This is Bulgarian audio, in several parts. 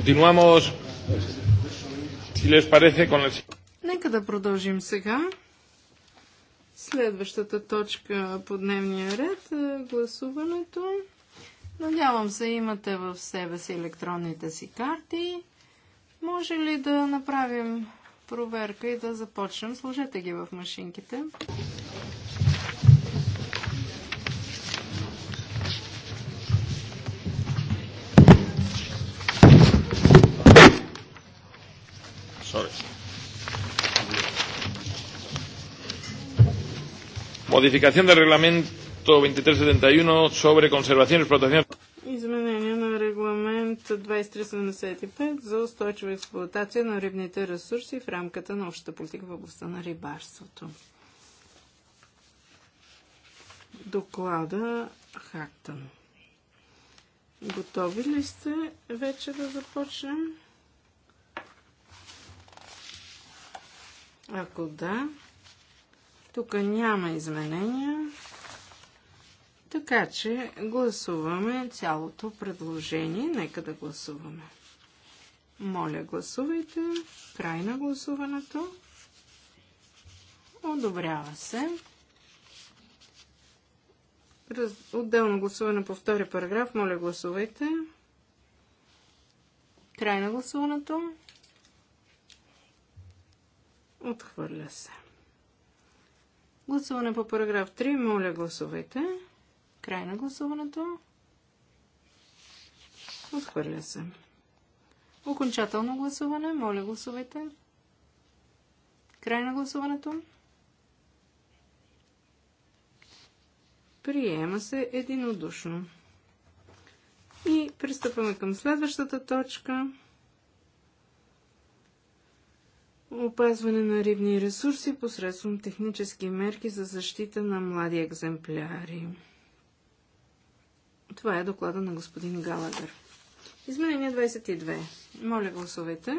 Continuamos, si les parece, con el... Нека да продължим сега. Следващата точка по дневния ред е гласуването. Надявам се, имате в себе си електронните си карти. Може ли да направим проверка и да започнем? Сложете ги в машинките. Torres. Modificación del reglamento 2371 sobre conservación y explotación. Изменение на регламент 2375 за устойчива експлуатация на рибните ресурси в рамката на общата политика в областта на рибарството. Доклада Хактън. Готови ли сте вече да започнем? Ако да, тук няма изменения. Така че гласуваме цялото предложение. Нека да гласуваме. Моля, гласувайте. Край на гласуването. Одобрява се. Раз... Отделно гласуване по втори параграф. Моля, гласувайте. Край на гласуването. Отхвърля се. Гласуване по параграф 3. Моля, гласувайте. Край на гласуването. Отхвърля се. Окончателно гласуване. Моля, гласувайте. Край на гласуването. Приема се единодушно. И пристъпваме към следващата точка. опазване на рибни ресурси посредством технически мерки за защита на млади екземпляри. Това е доклада на господин Галагър. Изменение 22. Моля гласовете.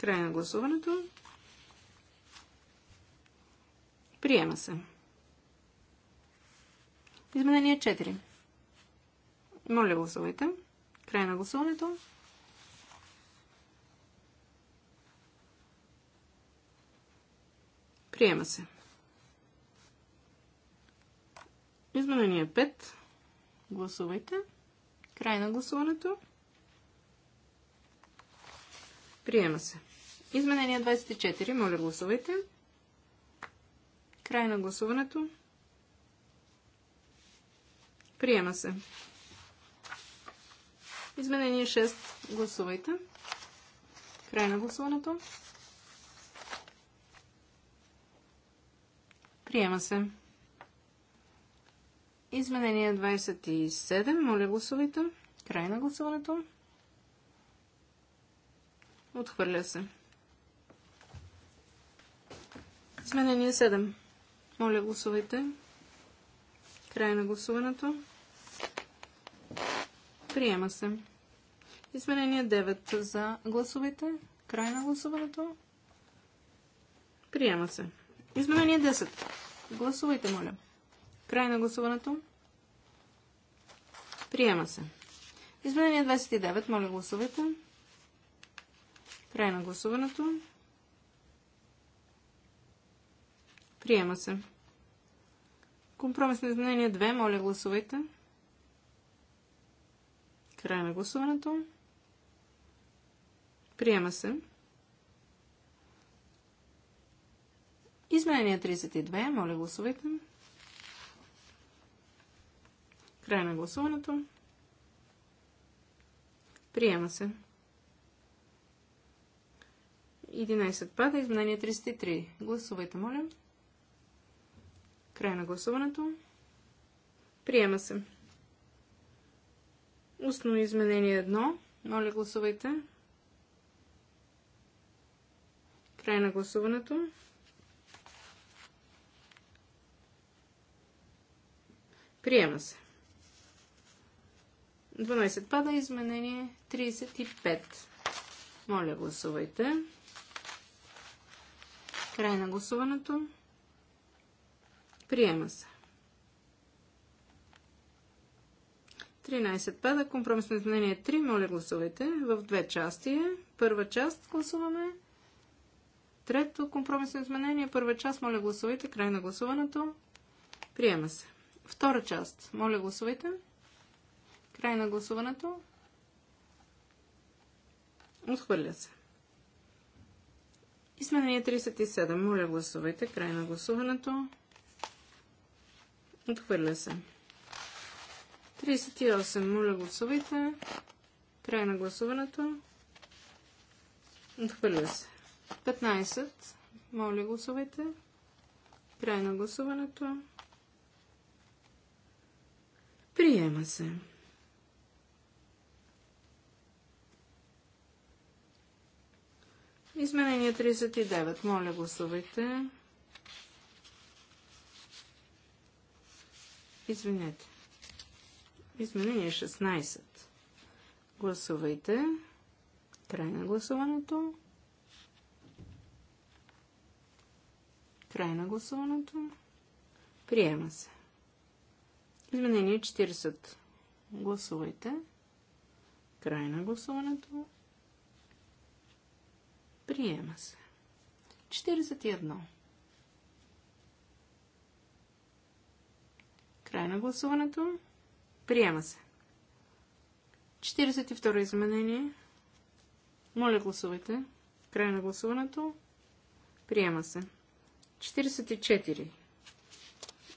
Край на гласуването. Приема се. Изменение 4. Моля гласовете. Край на гласуването. Приема се. Изменение 5. Гласувайте. Край на гласуването. Приема се. Изменение 24. Моля, гласувайте. Край на гласуването. Приема се. Изменение 6. Гласувайте. Край на гласуването. Приема се. Изменение 27. Моля гласовите. Край на гласуването. Отхвърля се. Изменение 7. Моля гласовите. Край на гласуването. Приема се. Изменение 9 за гласовете. Край на гласуването. Приема се. Изменение 10. Гласувайте, моля. Край на гласуването. Приема се. Изменение 29. Моля, гласувайте. Край на гласуването. Приема се. Компромисно изменение 2. Моля, гласувайте. Край на гласуването. Приема се. Изменение 32. Моля гласувайте. Край на гласуването. Приема се. 11 пада. Изменение 33. Гласувайте, моля. Край на гласуването. Приема се. Устно изменение 1. Моля, гласувайте. Край на гласуването. Приема се. 12 пада изменение 35. Моля, гласувайте. Край на гласуването. Приема се. 13 пада. Компромисно изменение 3. Моля, гласувайте. В две части. Е. Първа част гласуваме. Трето компромисно изменение. Първа част. Моля, гласувайте. Край на гласуването. Приема се. Втора част. Моля, гласувайте. Край на гласуването. Отхвърля се. Изменение 37. Моля, гласувайте. Край на гласуването. Отхвърля се. 38. Моля, гласувайте. Край на гласуването. Отхвърля се. 15. Моля, гласувайте. Край на гласуването. Приема се. Изменение 39. Моля, гласувайте. Извинете. Изменение 16. Гласувайте. Край на гласуването. Край на гласуването. Приема се. Изменение 40. Гласувайте. Край на гласуването. Приема се. 41. Край на гласуването. Приема се. 42 изменение. Моля гласувайте. Край на гласуването. Приема се. 44.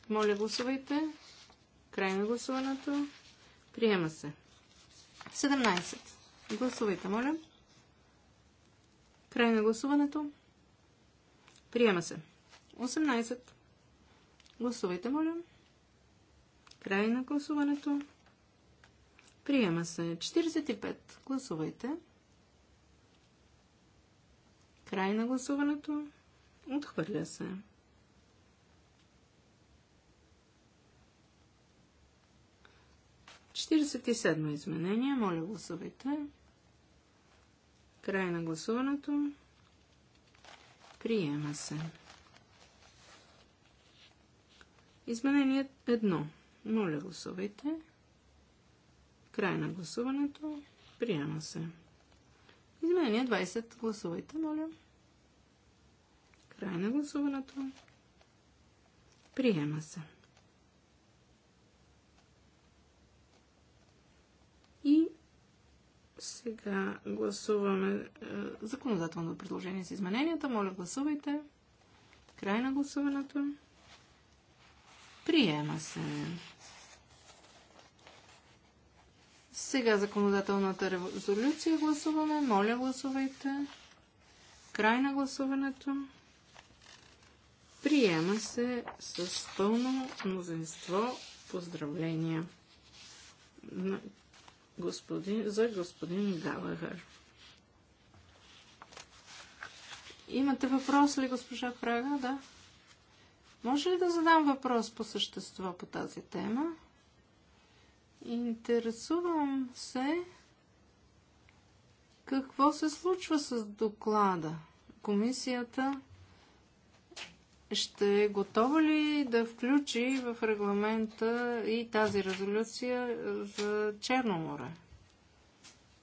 Моля гласувайте. Край на гласуването. Приема се. 17. Гласувайте, моля. Край на гласуването. Приема се. 18. Гласувайте, моля. Край на гласуването. Приема се. 45. Гласувайте. Край на гласуването. Отхвърля се. 47 изменение. Моля гласувайте. Край на гласуването. Приема се. Изменение 1. Моля гласувайте. Край на гласуването. Приема се. Изменение 20. Гласувайте, моля. Край на гласуването. Приема се. И сега гласуваме е, законодателно предложение с измененията. Моля, гласувайте. Край на гласуването. Приема се. Сега законодателната резолюция гласуваме. Моля, гласувайте. Край на гласуването. Приема се с пълно мнозинство. Поздравления господин, за господин Галагър. Имате въпрос ли, госпожа Прага? Да. Може ли да задам въпрос по същество по тази тема? Интересувам се какво се случва с доклада. Комисията ще е готова ли да включи в регламента и тази резолюция е, за Черно море?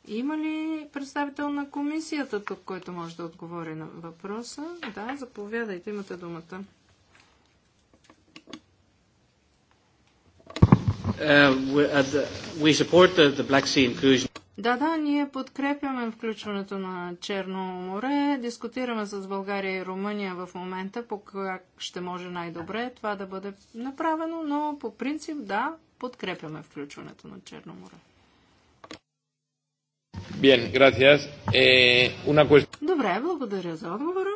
Има ли представител на комисията тук, който може да отговори на въпроса? Да, заповядайте, имате думата. Uh, we, uh, we support the, the Black Sea inclusion. Да, да, ние подкрепяме включването на Черно море. Дискутираме с България и Румъния в момента по как ще може най-добре това да бъде направено, но по принцип да, подкрепяме включването на Черно море. Bien, gracias. Eh, una cuest... Добре, благодаря за отговора.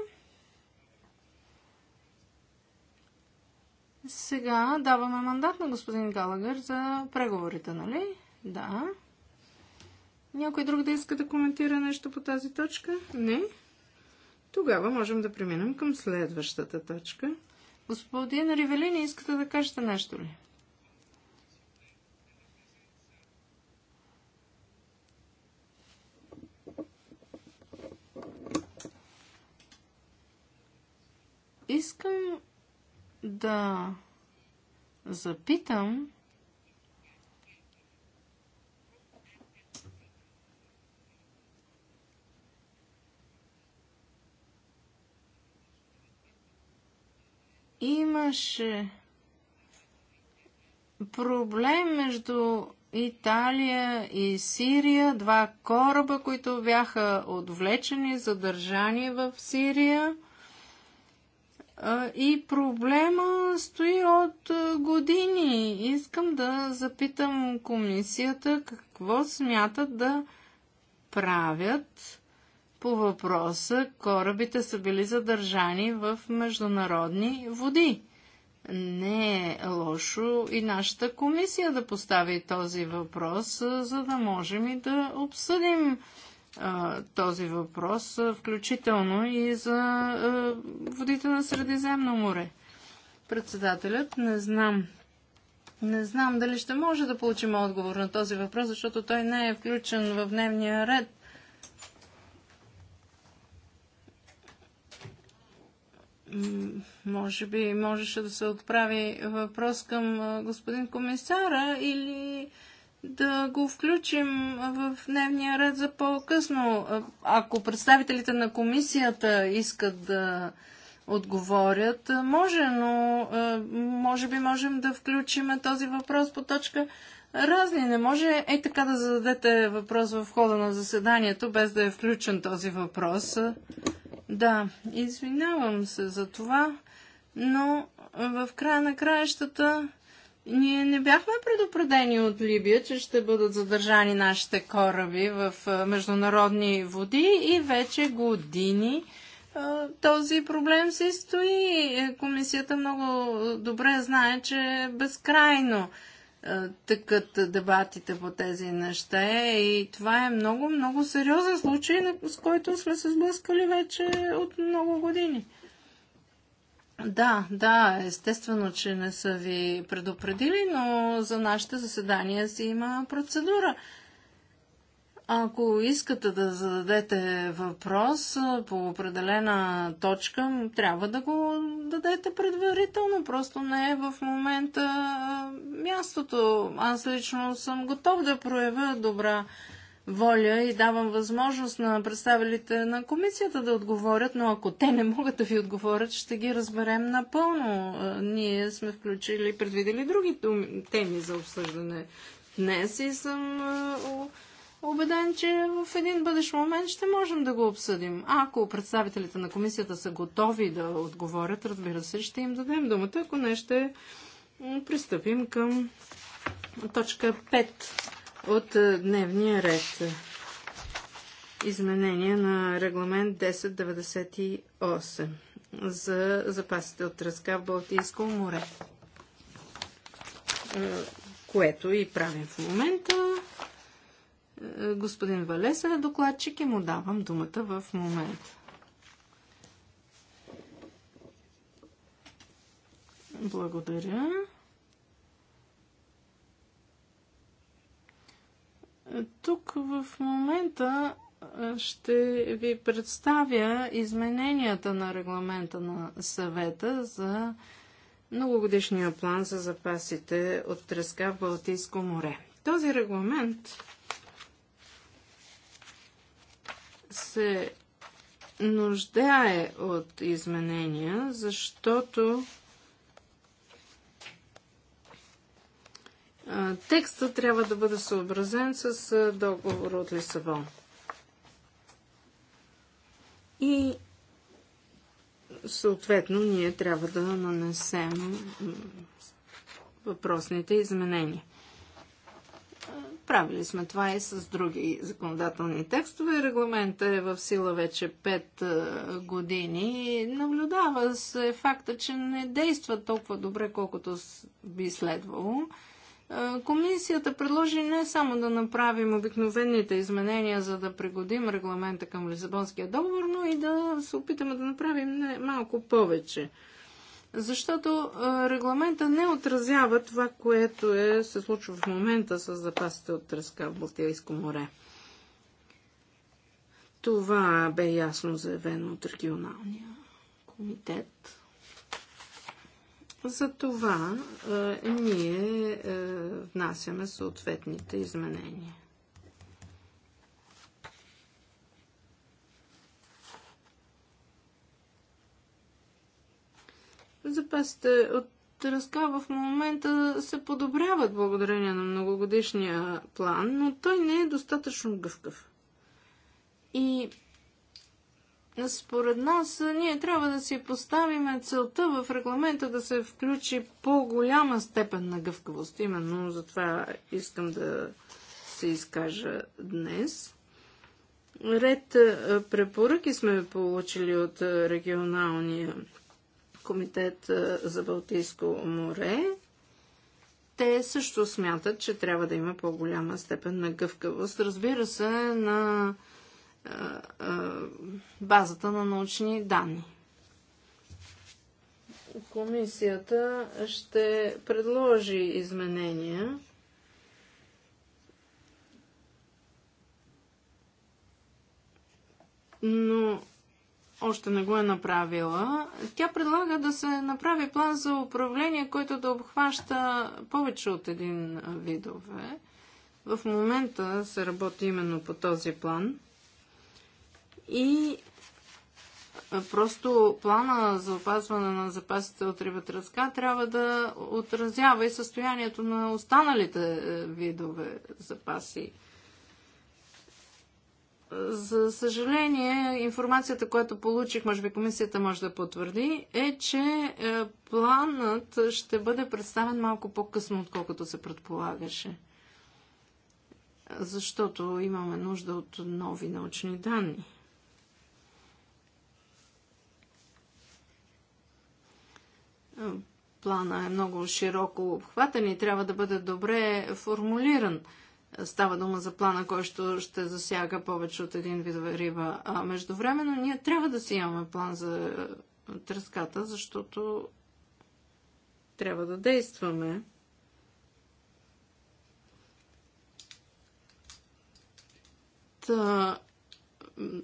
Сега даваме мандат на господин Галагър за преговорите, нали? Да. Някой друг да иска да коментира нещо по тази точка? Не? Тогава можем да преминем към следващата точка. Господин Ривелини, искате да кажете нещо ли? Искам да запитам имаше проблем между Италия и Сирия, два кораба, които бяха отвлечени, задържани в Сирия. И проблема стои от години. Искам да запитам комисията какво смятат да правят по въпроса корабите са били задържани в международни води. Не е лошо и нашата комисия да постави този въпрос, за да можем и да обсъдим а, този въпрос, включително и за а, водите на Средиземно море. Председателят, не знам не знам дали ще може да получим отговор на този въпрос, защото той не е включен в дневния ред може би можеше да се отправи въпрос към господин комисара или да го включим в дневния ред за по-късно. Ако представителите на комисията искат да отговорят, може, но може би можем да включим този въпрос по точка разни. Не може е така да зададете въпрос в хода на заседанието, без да е включен този въпрос. Да, извинявам се за това, но в края на краищата ние не бяхме предупредени от Либия, че ще бъдат задържани нашите кораби в международни води и вече години този проблем се стои. Комисията много добре знае, че е безкрайно тъкат дебатите по тези неща и това е много, много сериозен случай, с който сме се сблъскали вече от много години. Да, да, естествено, че не са ви предупредили, но за нашите заседания си има процедура. Ако искате да зададете въпрос по определена точка, трябва да го дадете предварително. Просто не е в момента мястото. Аз лично съм готов да проявя добра воля и давам възможност на представилите на комисията да отговорят, но ако те не могат да ви отговорят, ще ги разберем напълно. Ние сме включили, предвидели други теми за обсъждане днес и съм убеден, че в един бъдещ момент ще можем да го обсъдим. А ако представителите на комисията са готови да отговорят, разбира се, ще им дадем думата. Ако не, ще пристъпим към точка 5 от е, дневния ред. Изменение на регламент 1098 за запасите от тръска в Балтийско море, е, което и правим в момента Господин Валеса е докладчик и му давам думата в момента. Благодаря. Тук в момента ще ви представя измененията на регламента на съвета за многогодишния план за запасите от треска в Балтийско море. Този регламент се нуждае от изменения, защото текста трябва да бъде съобразен с договор от Лисабон. И съответно ние трябва да нанесем въпросните изменения. Правили сме това и с други законодателни текстове. Регламента е в сила вече 5 е, години. Наблюдава се факта, че не действа толкова добре, колкото би следвало. Е, комисията предложи не само да направим обикновените изменения, за да пригодим регламента към Лизабонския договор, но и да се опитаме да направим малко повече защото регламента не отразява това, което е, се случва в момента с запасите от тръска в Балтийско море. Това бе ясно заявено от регионалния комитет. За това е, ние е, внасяме съответните изменения. Запасите от тръска в момента се подобряват благодарение на многогодишния план, но той не е достатъчно гъвкав. И според нас ние трябва да си поставим целта в регламента да се включи по-голяма степен на гъвкавост. Именно за това искам да се изкажа днес. Ред препоръки сме получили от регионалния комитет е, за Балтийско море. Те също смятат, че трябва да има по-голяма степен на гъвкавост. Разбира се, на е, е, базата на научни данни. Комисията ще предложи изменения. Но още не го е направила. Тя предлага да се направи план за управление, който да обхваща повече от един видове. В момента се работи именно по този план. И Просто плана за опазване на запасите от тръска трябва да отразява и състоянието на останалите е, видове запаси за съжаление, информацията, която получих, може би комисията може да потвърди, е, че е, планът ще бъде представен малко по-късно, отколкото се предполагаше. Защото имаме нужда от нови научни данни. Е, плана е много широко обхватен и трябва да бъде добре формулиран – Става дума за плана, който ще засяга повече от един вид риба. А междувременно ние трябва да си имаме план за треската, защото трябва да действаме. Та,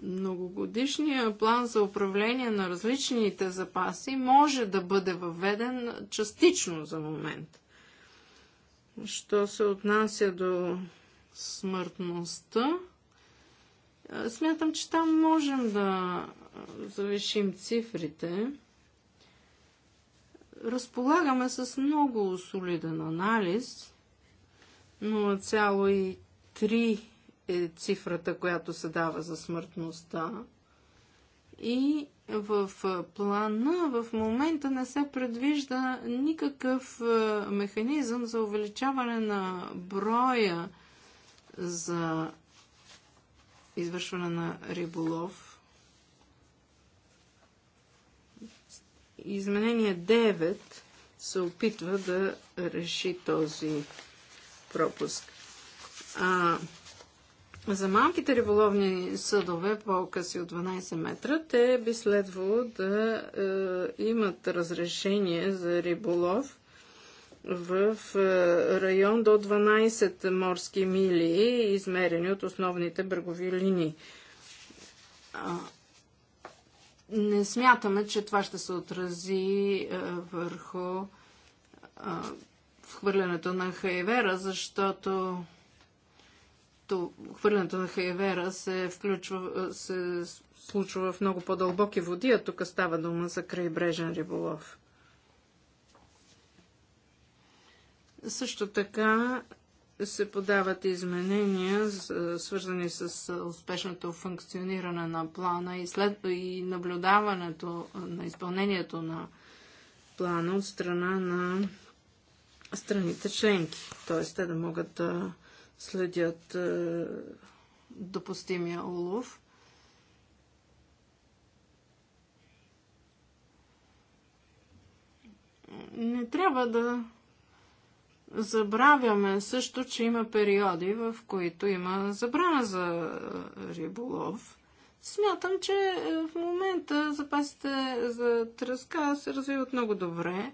многогодишния план за управление на различните запаси може да бъде въведен частично за момент. Що се отнася до смъртността. Смятам, че там можем да завишим цифрите. Разполагаме с много солиден анализ. 0,3 е цифрата, която се дава за смъртността. И в плана в момента не се предвижда никакъв механизъм за увеличаване на броя за извършване на риболов. Изменение 9 се опитва да реши този пропуск. А, за малките риболовни съдове по-къси от 12 метра, те би следвало да е, имат разрешение за риболов в е, район до 12 морски мили, измерени от основните брегови линии. Не смятаме, че това ще се отрази е, върху хвърлянето на хайвера, защото то, хвърлянето на хайвера се, включва, е, се случва в много по-дълбоки води, а тук става дума за крайбрежен риболов. Също така се подават изменения, свързани с успешното функциониране на плана и, след, и наблюдаването на изпълнението на плана от страна на страните членки. Т.е. те да могат да следят допустимия улов. Не трябва да Забравяме също, че има периоди, в които има забрана за риболов. Смятам, че е, в момента запасите за тръска се развиват много добре.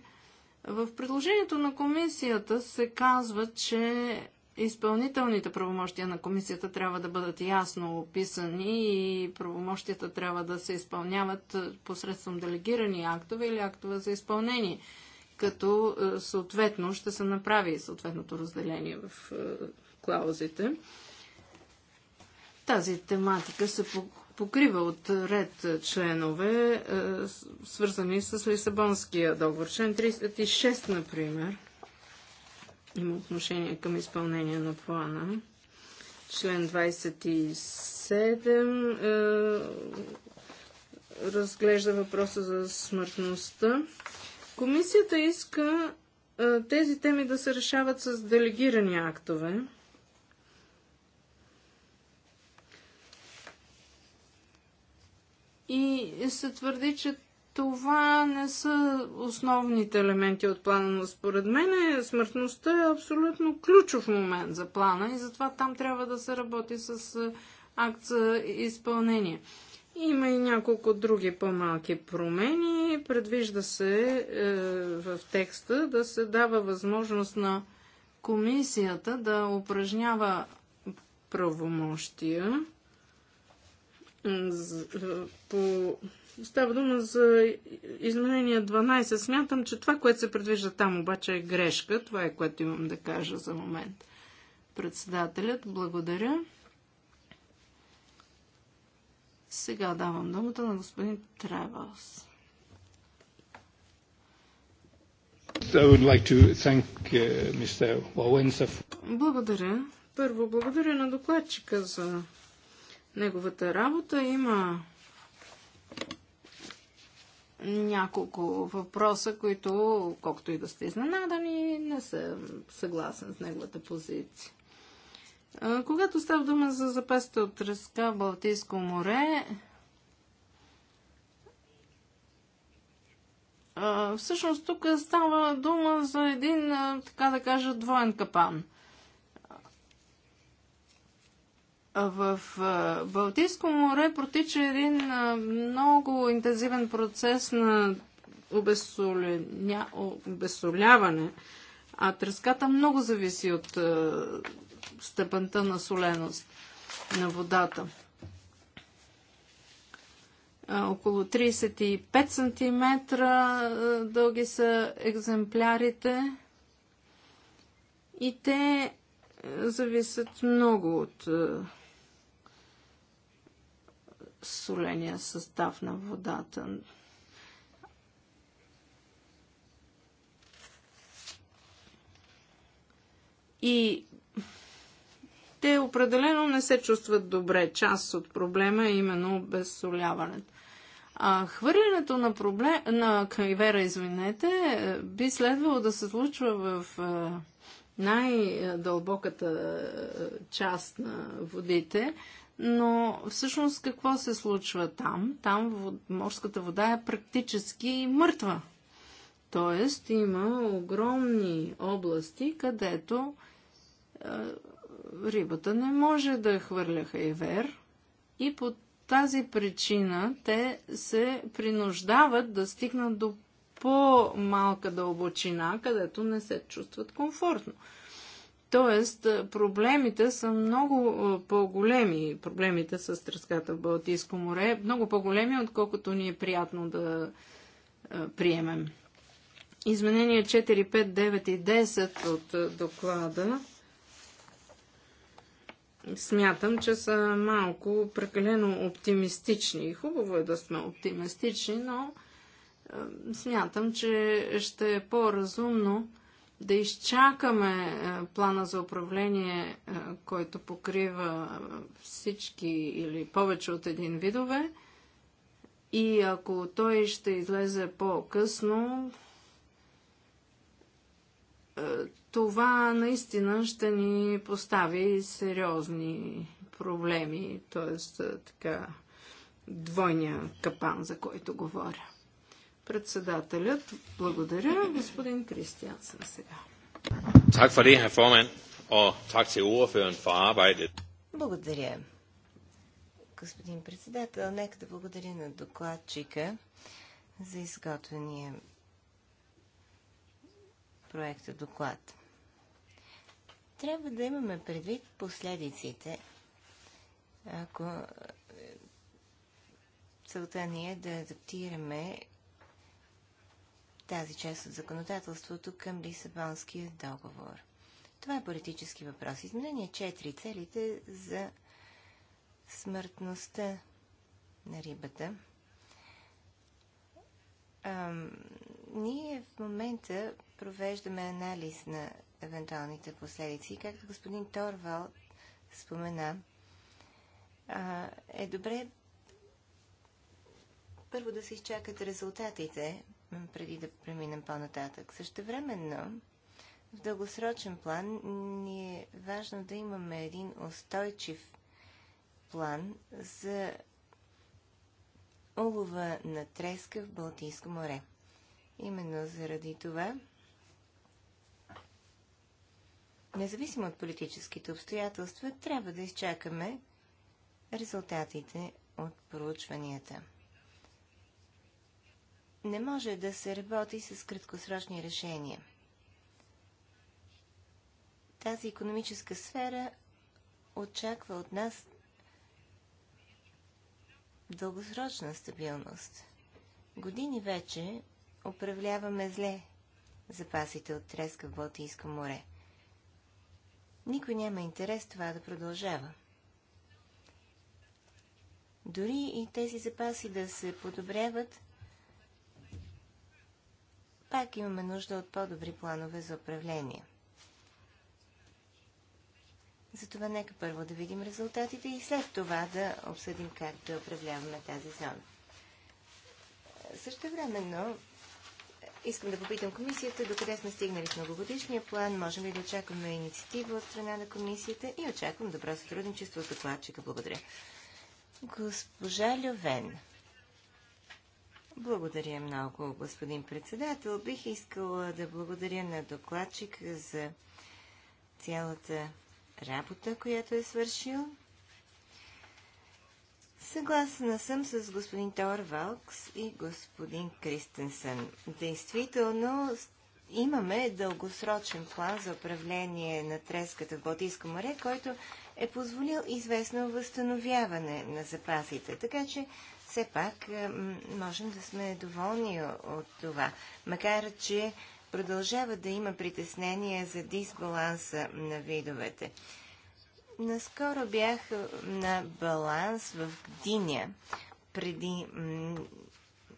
В предложението на комисията се казва, че изпълнителните правомощия на комисията трябва да бъдат ясно описани и правомощията трябва да се изпълняват е, посредством делегирани актове или актове за изпълнение – като е, съответно ще се направи съответното разделение в е, клаузите. Тази тематика се покрива от ред членове, е, свързани с Лисабонския договор. Член 36, например, има отношение към изпълнение на плана. Член 27 разглежда въпроса за смъртността. Комисията иска тези теми да се решават с делегирани актове. И се твърди, че това не са основните елементи от плана, но според мен смъртността е абсолютно ключов момент за плана и затова там трябва да се работи с акт за изпълнение. Има и няколко други по-малки промени. Предвижда се е, в текста да се дава възможност на комисията да упражнява правомощия е, по... Става дума за изменение 12. Смятам, че това, което се предвижда там, обаче е грешка. Това е което имам да кажа за момент. Председателят, благодаря. Сега давам думата на господин Тревелс. Uh, благодаря. Първо, благодаря на докладчика за неговата работа. Има няколко въпроса, които, колкото и да сте изненадани, не съм съгласен с неговата позиция. Когато става дума за запасите от тръска в Балтийско море, всъщност тук става дума за един, така да кажа, двоен капан. В Балтийско море протича един много интензивен процес на обесоляване, а треската много зависи от степента на соленост на водата. Около 35 см дълги са екземплярите и те зависят много от соления състав на водата. И те определено не се чувстват добре. Част от проблема е именно обезсоляването. А хвърлянето на, проблем, на кайвера, извинете, би следвало да се случва в най-дълбоката част на водите, но всъщност какво се случва там? Там вод, морската вода е практически мъртва. Тоест има огромни области, където е, рибата не може да хвърля хайвер и по тази причина те се принуждават да стигнат до по-малка дълбочина, където не се чувстват комфортно. Тоест, е, проблемите са много е, по-големи, проблемите с треската в Балтийско море, много по-големи, отколкото ни е приятно да приемем. Изменения 4, 5, 9 и 10 от доклада смятам, че са малко прекалено оптимистични. Хубаво е да сме оптимистични, но е, смятам, че ще е по-разумно да изчакаме е, плана за управление, е, който покрива всички или повече от един видове. И ако той ще излезе по-късно, това наистина ще ни постави сериозни проблеми, т.е. така двойния капан, за който говоря. Председателят, благодаря, господин Кристиансен сега. Так for det, herr formand, og tak til ordføreren for arbejdet. Благодаря. Господин председател, нека да благодаря на докладчика за изготвения проекта доклад. Трябва да имаме предвид последиците, ако е, целта ни е да адаптираме тази част от законодателството към Лисабонския договор. Това е политически въпрос. Изменение 4. Целите за смъртността на рибата. Ние в момента провеждаме анализ на евентуалните последици. Както господин Торвал спомена, а, е добре първо да се изчакат резултатите, преди да преминем по-нататък. Същевременно, в дългосрочен план, ни е важно да имаме един устойчив план за улова на треска в Балтийско море. Именно заради това, независимо от политическите обстоятелства, трябва да изчакаме резултатите от проучванията. Не може да се работи с краткосрочни решения. Тази економическа сфера очаква от нас дългосрочна стабилност. Години вече управляваме зле запасите от треска в Балтийско море. Никой няма интерес това да продължава. Дори и тези запаси да се подобряват, пак имаме нужда от по-добри планове за управление. Затова нека първо да видим резултатите и след това да обсъдим как да управляваме тази зона. Също времено Искам да попитам комисията, докъде сме стигнали в многогодишния план, можем ли да очакваме инициатива от страна на комисията и очаквам добро сътрудничество с докладчика. Благодаря. Госпожа Лювен. Благодаря много, господин председател. Бих искала да благодаря на докладчик за цялата работа, която е свършил. Съгласна съм с господин Тор Валкс и господин Кристенсен. Действително имаме дългосрочен план за управление на треската в Балтийско море, който е позволил известно възстановяване на запасите. Така че все пак е, можем да сме доволни от това. Макар, че продължава да има притеснения за дисбаланса на видовете. Наскоро бях на баланс в Гдиня преди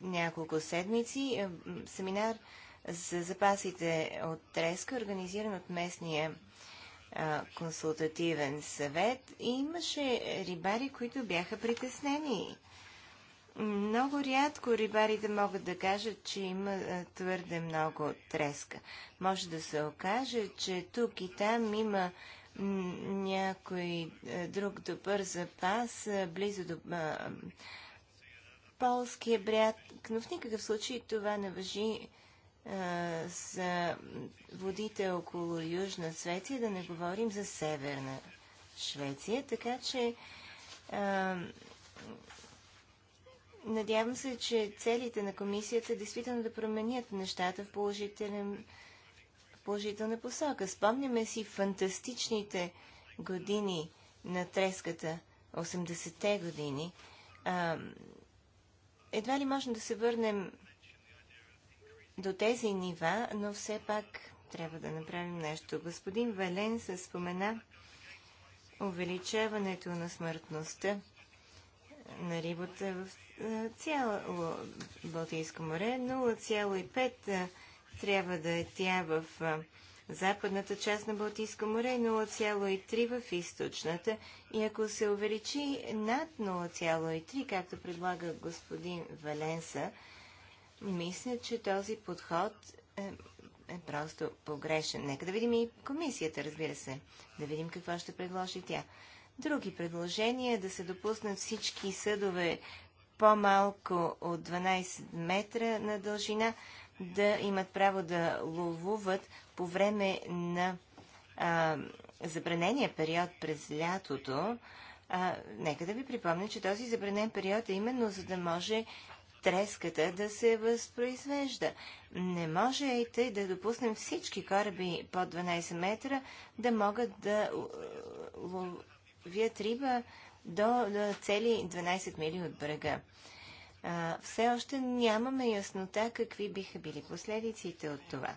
няколко седмици. Е, семинар за запасите от треска, организиран от местния консултативен съвет. И имаше рибари, които бяха притеснени. Много рядко рибарите могат да кажат, че има твърде много треска. Може да се окаже, че тук и там има някой е, друг добър запас е, близо до е, полския бряг, но в никакъв случай това не въжи за водите около Южна Швеция, да не говорим за Северна Швеция, така че а, Надявам се, че целите на комисията действително да променят нещата в положителен положителна посока. Спомняме си фантастичните години на треската, 80-те години. А, едва ли можем да се върнем до тези нива, но все пак трябва да направим нещо. Господин Вален се спомена увеличаването на смъртността на рибата в цяло Балтийско море 0,5 трябва да е тя в западната част на Балтийско море и 0,3 в източната. И ако се увеличи над 0,3, както предлага господин Валенса, мисля, че този подход е, е просто погрешен. Нека да видим и комисията, разбира се. Да видим какво ще предложи тя. Други предложения е да се допуснат всички съдове по-малко от 12 метра на дължина, да имат право да ловуват по време на а, забранения период през лятото. А, нека да ви припомня, че този забранен период е именно за да може треската да се възпроизвежда. Не може и тъй да допуснем всички кораби под 12 метра да могат да ловят риба до, цели 12 мили от брега а, все още нямаме яснота какви биха били последиците от това.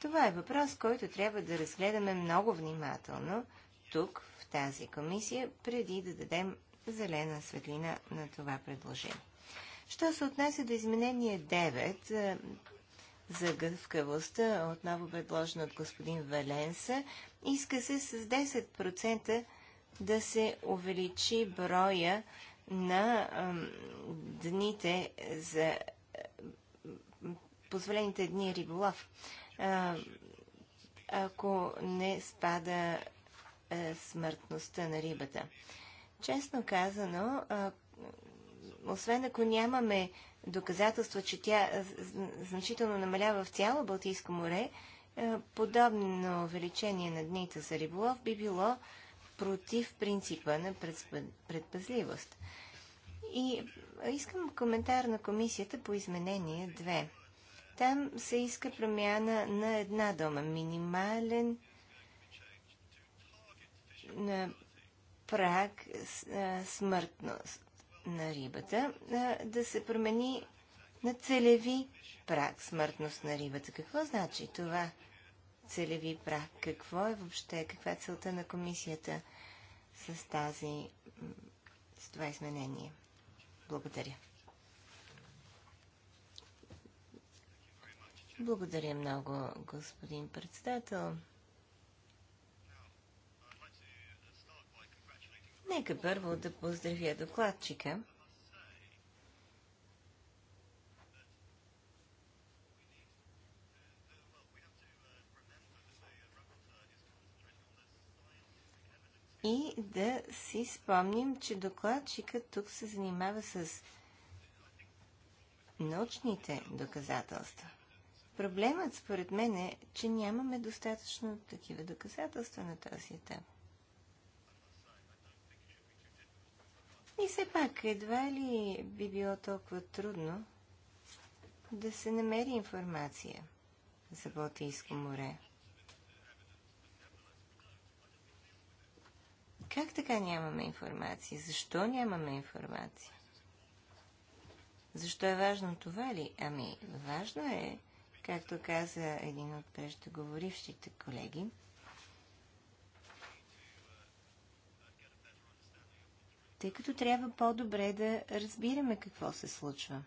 Това е въпрос, който трябва да разгледаме много внимателно тук, в тази комисия, преди да дадем зелена светлина на това предложение. Що се отнася до изменение 9 за гъвкавостта, отново предложено от господин Валенса, иска се с 10% да се увеличи броя на дните за е, позволените дни е риболов. Ако не спада е, смъртността на рибата. Честно казано, освен ако нямаме доказателства, че тя значително намалява в цяло Балтийско море, подобно увеличение на дните за риболов би било против принципа на предпазливост. И искам коментар на комисията по изменение 2. Там се иска промяна на една дума. Минимален на праг смъртност на рибата да се промени на целеви праг смъртност на рибата. Какво значи това целеви прах. Какво е въобще, каква е целта на комисията с тази, с това изменение? Благодаря. Благодаря много, господин председател. Нека първо да поздравя докладчика. и да си спомним, че докладчикът тук се занимава с научните доказателства. Проблемът според мен е, че нямаме достатъчно такива доказателства на този етап. И все пак, едва ли би било толкова трудно да се намери информация за Балтийско море. Как така нямаме информация? Защо нямаме информация? Защо е важно това ли? Ами, важно е, както каза един от преждеговорившите колеги, тъй като трябва по-добре да разбираме какво се случва.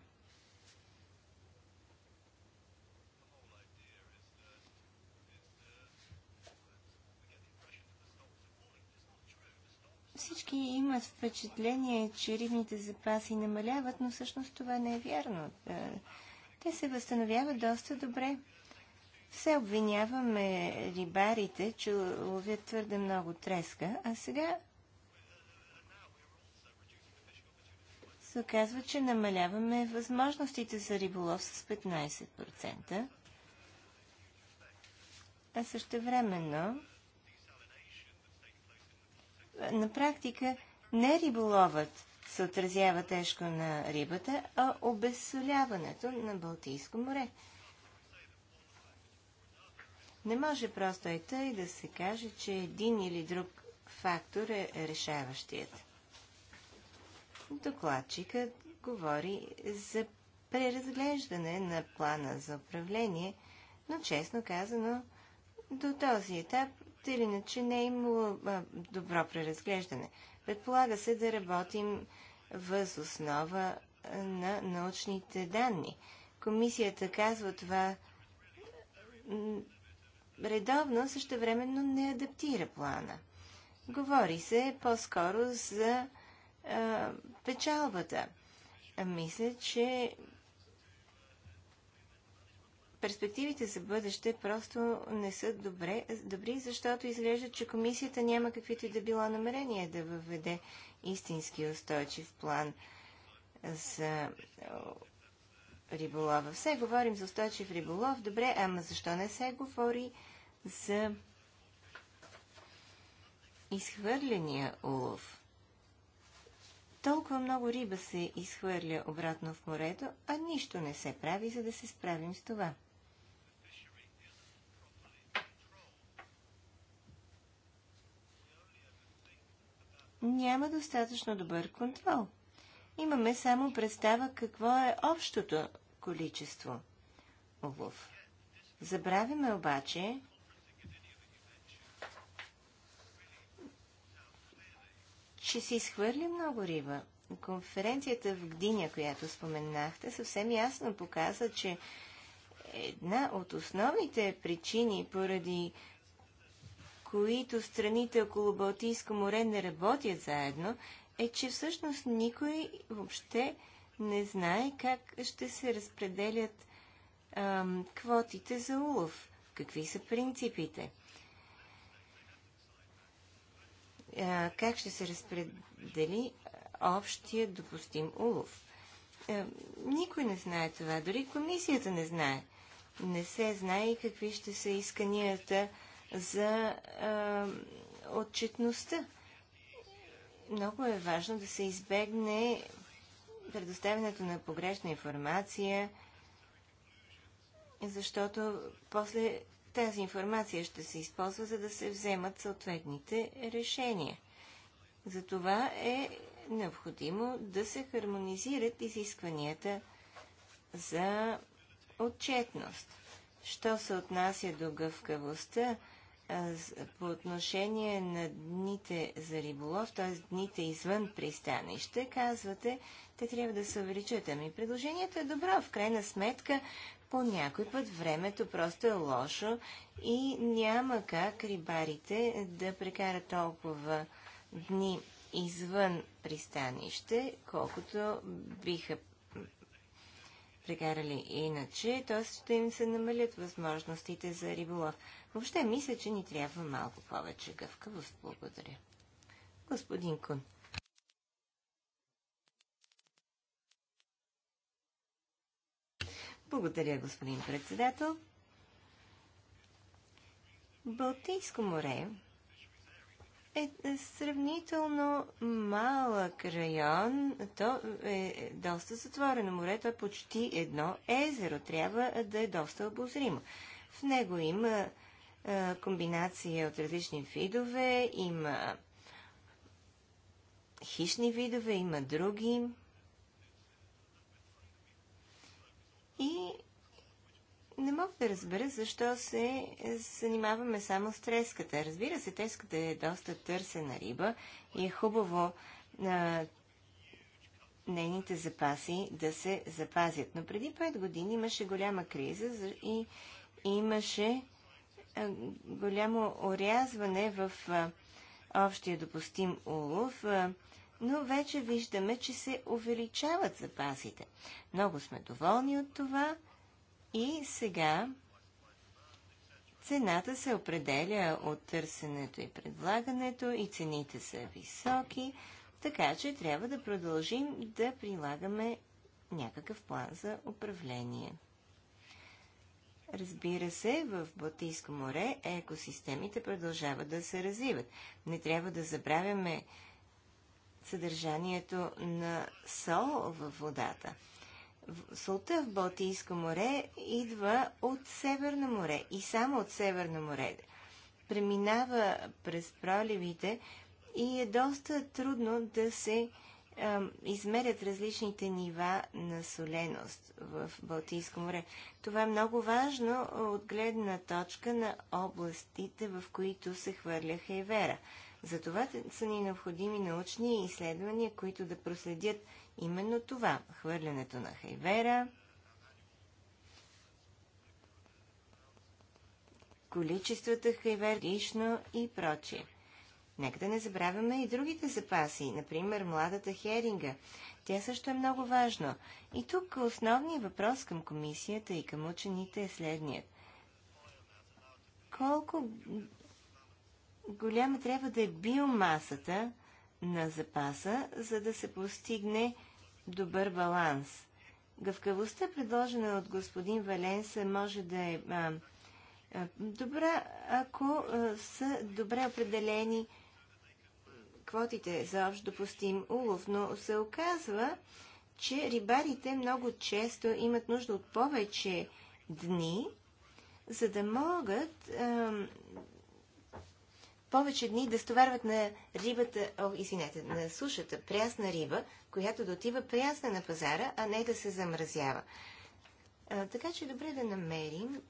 всички имат впечатление, че рибните запаси намаляват, но всъщност това не е вярно. Е, те се възстановяват доста добре. Все обвиняваме рибарите, че ловят твърде много треска, а сега се оказва, че намаляваме възможностите за риболов с 15%, а също времено на практика не риболовът се отразява тежко на рибата, а обесоляването на Балтийско море. Не може просто и е тъй да се каже, че един или друг фактор е решаващият. Докладчикът говори за преразглеждане на плана за управление, но честно казано, до този етап тъй или иначе не е имало добро преразглеждане. Предполага се да работим въз основа на научните данни. Комисията казва това редовно, също времено не адаптира плана. Говори се по-скоро за а, печалбата. А мисля, че перспективите за бъдеще просто не са добре, добри, защото изглежда, че комисията няма каквито и да било намерение да въведе истински устойчив план за риболова. Все говорим за устойчив риболов, добре, ама защо не се говори за изхвърления улов? Толкова много риба се изхвърля обратно в морето, а нищо не се прави, за да се справим с това. няма достатъчно добър контрол. Имаме само представа какво е общото количество обув. Забравяме обаче, че се изхвърли много риба. Конференцията в Гдиня, която споменахте, съвсем ясно показа, че една от основните причини, поради които страните около Балтийско море не работят заедно, е, че всъщност никой въобще не знае как ще се разпределят ам, квотите за улов. Какви са принципите? А, как ще се разпредели общия допустим улов? А, никой не знае това, дори комисията не знае. Не се знае какви ще са исканията за а, отчетността. Много е важно да се избегне предоставянето на погрешна информация, защото после тази информация ще се използва, за да се вземат съответните решения. Затова е необходимо да се хармонизират изискванията за отчетност. Що се отнася до гъвкавостта, по отношение на дните за риболов, т.е. дните извън пристанище, казвате, те трябва да се увеличат. Ами предложението е добро. В крайна сметка, по някой път времето просто е лошо и няма как рибарите да прекарат толкова дни извън пристанище, колкото биха прекарали иначе, т.е. ще им се намалят възможностите за риболов. Въобще мисля, че ни трябва малко повече гъвкавост. Благодаря. Господин Кун. Благодаря, господин председател. Балтийско море е сравнително малък район. То е доста затворено море. То е почти едно езеро. Трябва да е доста обозримо. В него има е, комбинация от различни видове. Има хищни видове, има други. И не мога да разбера защо се занимаваме само с треската. Разбира се, треската е доста търсена риба и е хубаво а, нейните запаси да се запазят. Но преди 5 години имаше голяма криза и имаше а, голямо орязване в а, общия допустим улов. А, но вече виждаме, че се увеличават запасите. Много сме доволни от това и сега цената се определя от търсенето и предлагането и цените са високи, така че трябва да продължим да прилагаме някакъв план за управление. Разбира се, в Балтийско море екосистемите продължават да се развиват. Не трябва да забравяме съдържанието на сол във водата – солта в Балтийско море идва от Северно море и само от Северно море. Преминава през проливите и е доста трудно да се измерят различните нива на соленост в Балтийско море. Това е много важно от гледна точка на областите, в които се и вера. Затова са ни необходими научни изследвания, които да проследят именно това – хвърлянето на хайвера, количествата хайвер, лично и прочие. Нека да не забравяме и другите запаси, например младата херинга. Тя също е много важна. И тук основният въпрос към комисията и към учените е следният. Колко голяма трябва да е биомасата на запаса, за да се постигне добър баланс. Гъвкавостта, предложена от господин Валенса, може да е а, а, добра, ако а, са добре определени квотите за общ допустим улов, но се оказва, че рибарите много често имат нужда от повече дни, за да могат а, повече дни да стоварват на рибата, о, извинете, на сушата прясна риба, която да отива прясна на пазара, а не да се замразява. А, така че добре да намерим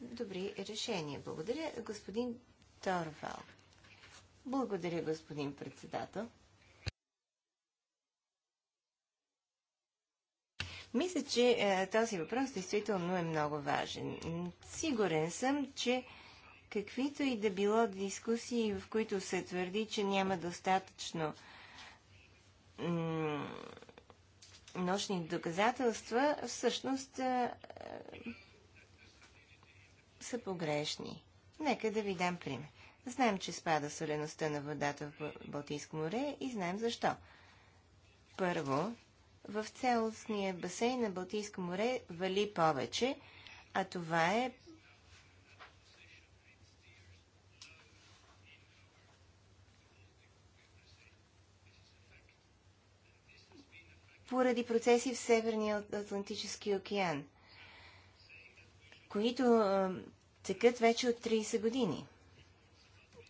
добри решения. Благодаря, господин Торвал. Благодаря, господин председател. Мисля, че е, този въпрос действително е много важен. Сигурен съм, че каквито и да било дискусии, в които се твърди, че няма достатъчно нощни доказателства, всъщност а, са погрешни. Нека да ви дам пример. Знаем, че спада солеността на водата в Балтийско море и знаем защо. Първо, в цялостния басейн на Балтийско море вали повече, а това е поради процеси в Северния Атлантически океан, които текат вече от 30 години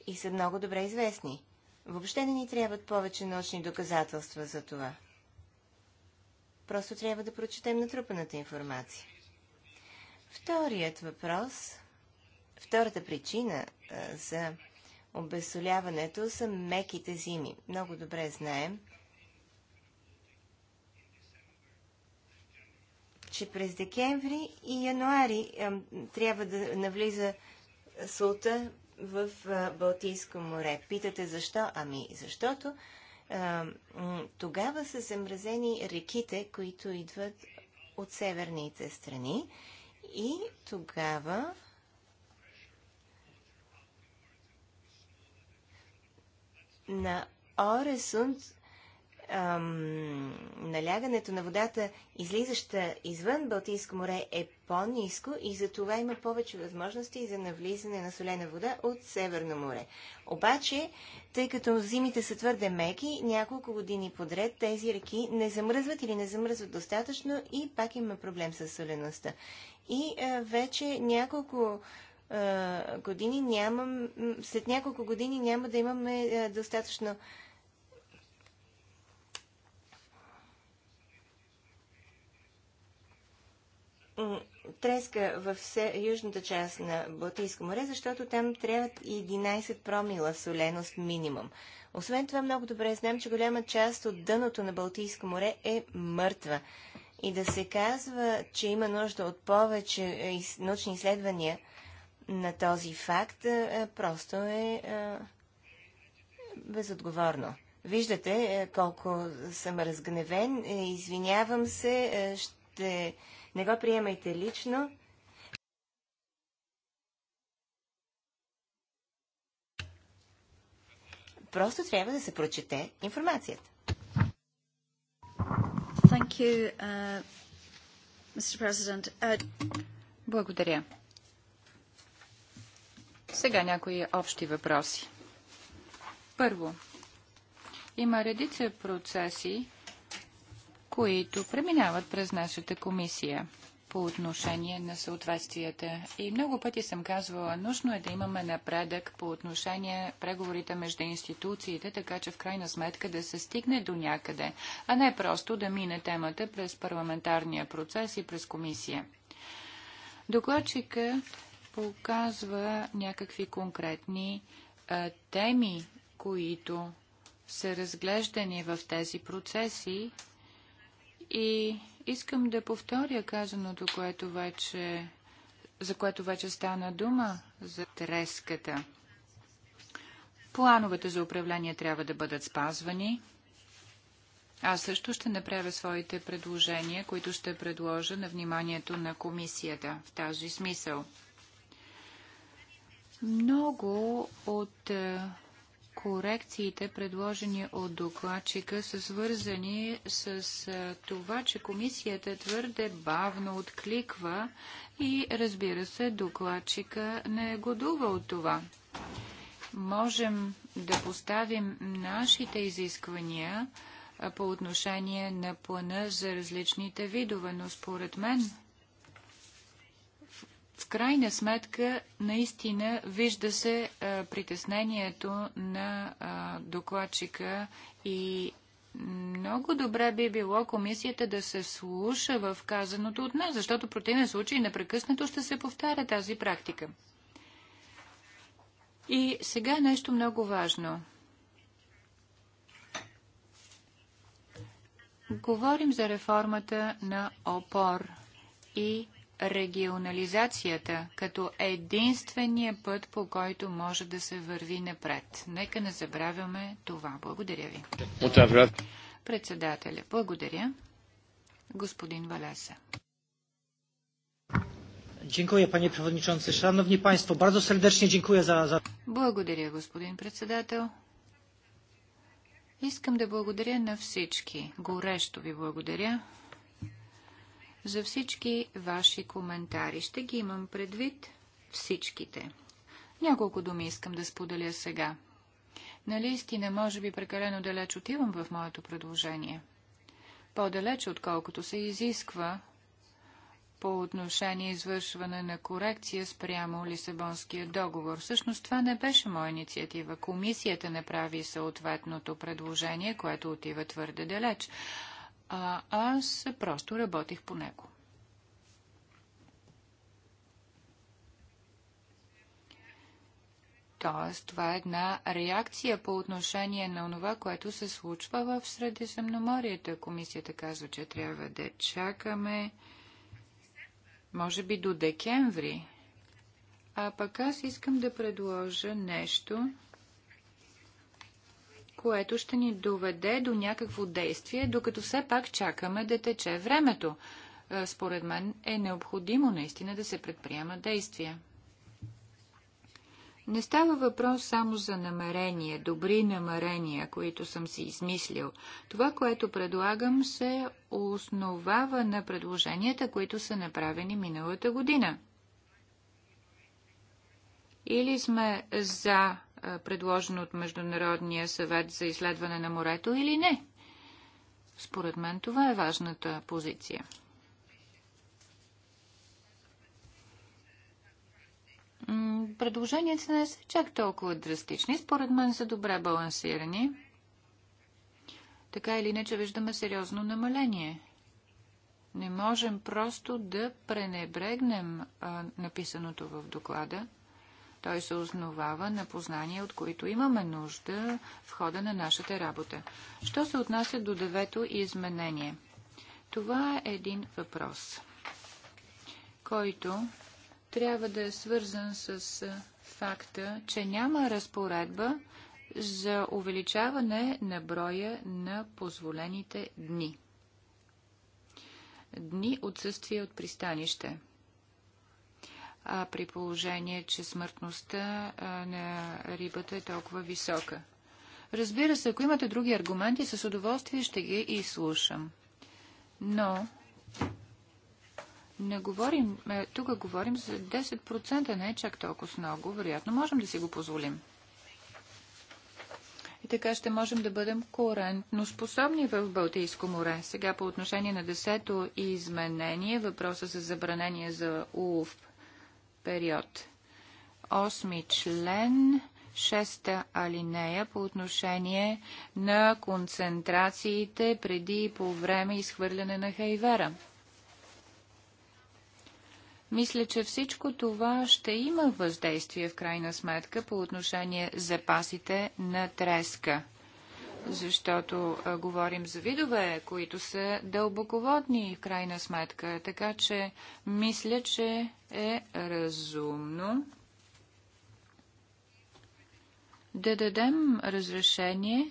и са много добре известни. Въобще не ни трябват повече научни доказателства за това. Просто трябва да прочетем натрупаната информация. Вторият въпрос, втората причина за обесоляването са меките зими. Много добре знаем, че през декември и януари трябва да навлиза султа в Балтийско море. Питате защо? Ами защото тогава са замразени реките, които идват от северните страни и тогава на Оресунд ам, налягането на водата, излизаща извън Балтийско море, е по-низко и за това има повече възможности за навлизане на солена вода от Северно море. Обаче, тъй като зимите са твърде меки, няколко години подред тези реки не замръзват или не замръзват достатъчно и пак има проблем с солеността. И а, вече няколко а, години нямам, след няколко години няма да имаме а, достатъчно треска в южната част на Балтийско море, защото там трябват 11 промила соленост минимум. Освен това, много добре знам, че голяма част от дъното на Балтийско море е мъртва. И да се казва, че има нужда от повече е, научни изследвания на този факт, е, е, просто е безотговорно. Виждате колко съм разгневен. Извинявам се, ще не го приемайте лично. Просто трябва да се прочете информацията. Thank you, uh, Mr. President. Uh... Благодаря. Сега някои общи въпроси. Първо, има редица процеси, които преминават през нашата комисия по отношение на съответствията. И много пъти съм казвала, нужно е да имаме напредък по отношение преговорите между институциите, така че в крайна сметка да се стигне до някъде, а не просто да мине темата през парламентарния процес и през комисия. Докладчика показва някакви конкретни а, теми, които са разглеждани в тези процеси и искам да повторя казаното, което вече, за което вече стана дума за треската. Плановете за управление трябва да бъдат спазвани. Аз също ще направя своите предложения, които ще предложа на вниманието на комисията в тази смисъл. Много от е, корекциите, предложени от докладчика, са свързани с това, че комисията твърде бавно откликва и, разбира се, докладчика не е годува от това. Можем да поставим нашите изисквания по отношение на плана за различните видове, но според мен в крайна сметка, наистина вижда се а, притеснението на а, докладчика и много добре би било комисията да се слуша в казаното от нас, защото в противен случай непрекъснато ще се повтаря тази практика. И сега нещо много важно. Говорим за реформата на опор и регионализацията като единствения път, по който може да се върви напред. Нека не забравяме това. Благодаря ви. Председателя, благодаря. Господин Валеса. Dziękuję, panie przewodniczący. Szanowni państwo, bardzo serdecznie dziękuję za... za... Благодаря, господин председател. Искам да благодаря на всички. Горещо ви благодаря за всички ваши коментари. Ще ги имам предвид всичките. Няколко думи искам да споделя сега. Нали истина, може би прекалено далеч отивам в моето предложение. По-далеч, отколкото се изисква по отношение извършване на корекция спрямо Лисабонския договор. Всъщност това не беше моя инициатива. Комисията направи съответното предложение, което отива твърде далеч а аз просто работих по него. Тоест, това е една реакция по отношение на това, което се случва в Средиземноморието. Комисията казва, че трябва да чакаме, може би до декември. А пък аз искам да предложа нещо, което ще ни доведе до някакво действие, докато все пак чакаме да тече времето. Е, според мен е необходимо наистина да се предприема действия. Не става въпрос само за намерения, добри намерения, които съм си измислил. Това, което предлагам, се основава на предложенията, които са направени миналата година. Или сме за предложено от Международния съвет за изследване на морето или не. Според мен това е важната позиция. Предложенията не са чак толкова драстични. Според мен са добре балансирани. Така или иначе виждаме сериозно намаление. Не можем просто да пренебрегнем а, написаното в доклада. Той се основава на познания, от които имаме нужда в хода на нашата работа. Що се отнася до девето изменение? Това е един въпрос, който трябва да е свързан с факта, че няма разпоредба за увеличаване на броя на позволените дни. Дни отсъствие от пристанище – а при положение, че смъртността на рибата е толкова висока. Разбира се, ако имате други аргументи, с удоволствие ще ги изслушам. Но не говорим, е, тук говорим за 10%, не е чак толкова много, вероятно можем да си го позволим. И така ще можем да бъдем корентно способни в Балтийско море. Сега по отношение на десето изменение, въпроса за забранение за улов период. Осми член, шеста алинея по отношение на концентрациите преди и по време изхвърляне на хайвера. Мисля, че всичко това ще има въздействие в крайна сметка по отношение запасите на треска защото а, говорим за видове, които са дълбоководни в крайна сметка. Така че мисля, че е разумно да дадем разрешение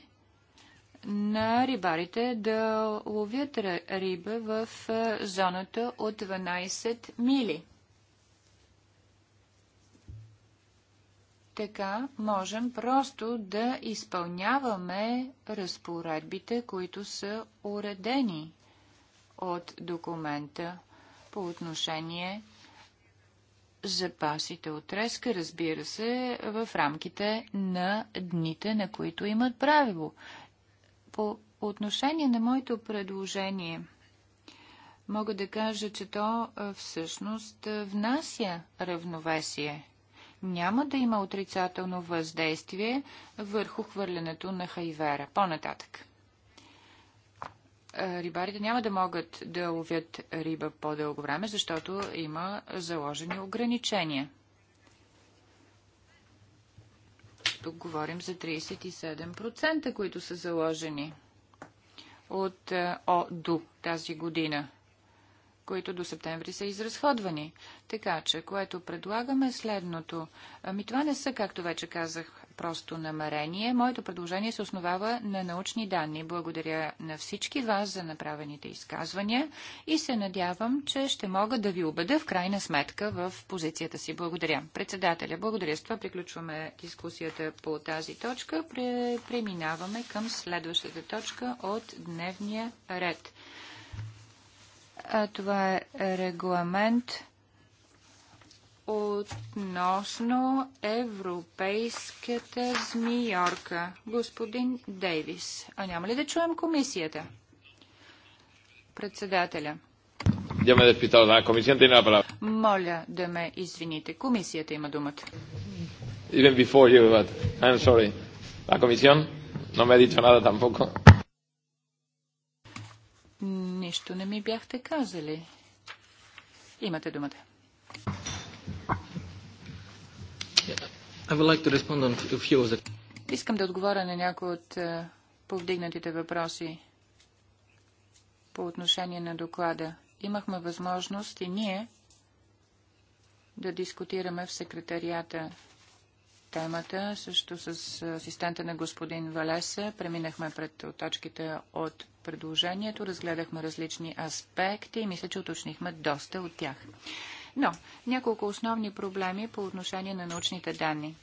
на рибарите да ловят риба в зоната от 12 мили. така можем просто да изпълняваме разпоредбите, които са уредени от документа по отношение запасите от треска, разбира се, в рамките на дните, на които имат правило. По отношение на моето предложение, мога да кажа, че то всъщност внася равновесие – няма да има отрицателно въздействие върху хвърлянето на хайвера. По-нататък. Е, рибарите няма да могат да ловят риба по-дълго време, защото има заложени ограничения. Тук говорим за 37%, които са заложени от е, ОДУ тази година които до септември са изразходвани. Така че, което предлагаме е следното. Ами това не са, както вече казах, просто намерение. Моето предложение се основава на научни данни. Благодаря на всички вас за направените изказвания и се надявам, че ще мога да ви убеда в крайна сметка в позицията си. Благодаря. Председателя, благодаря. С това приключваме дискусията по тази точка. Преминаваме към следващата точка от дневния ред. Това е регламент относно европейската змиорка. Господин Дейвис. А няма ли да чуем комисията? Председателя. Моля да ме извините. Комисията има думата. Even before you, but I'm sorry. La comisión no me ha dicho nada tampoco нищо не ми бяхте казали. Имате думата. Искам да отговоря на някои от е, повдигнатите въпроси по отношение на доклада. Имахме възможност и ние да дискутираме в секретарията темата, също с е, асистента на господин Валеса. Преминахме пред точките от предложението, разгледахме различни аспекти и мисля, че уточнихме доста от тях. Но няколко основни проблеми по отношение на научните данни.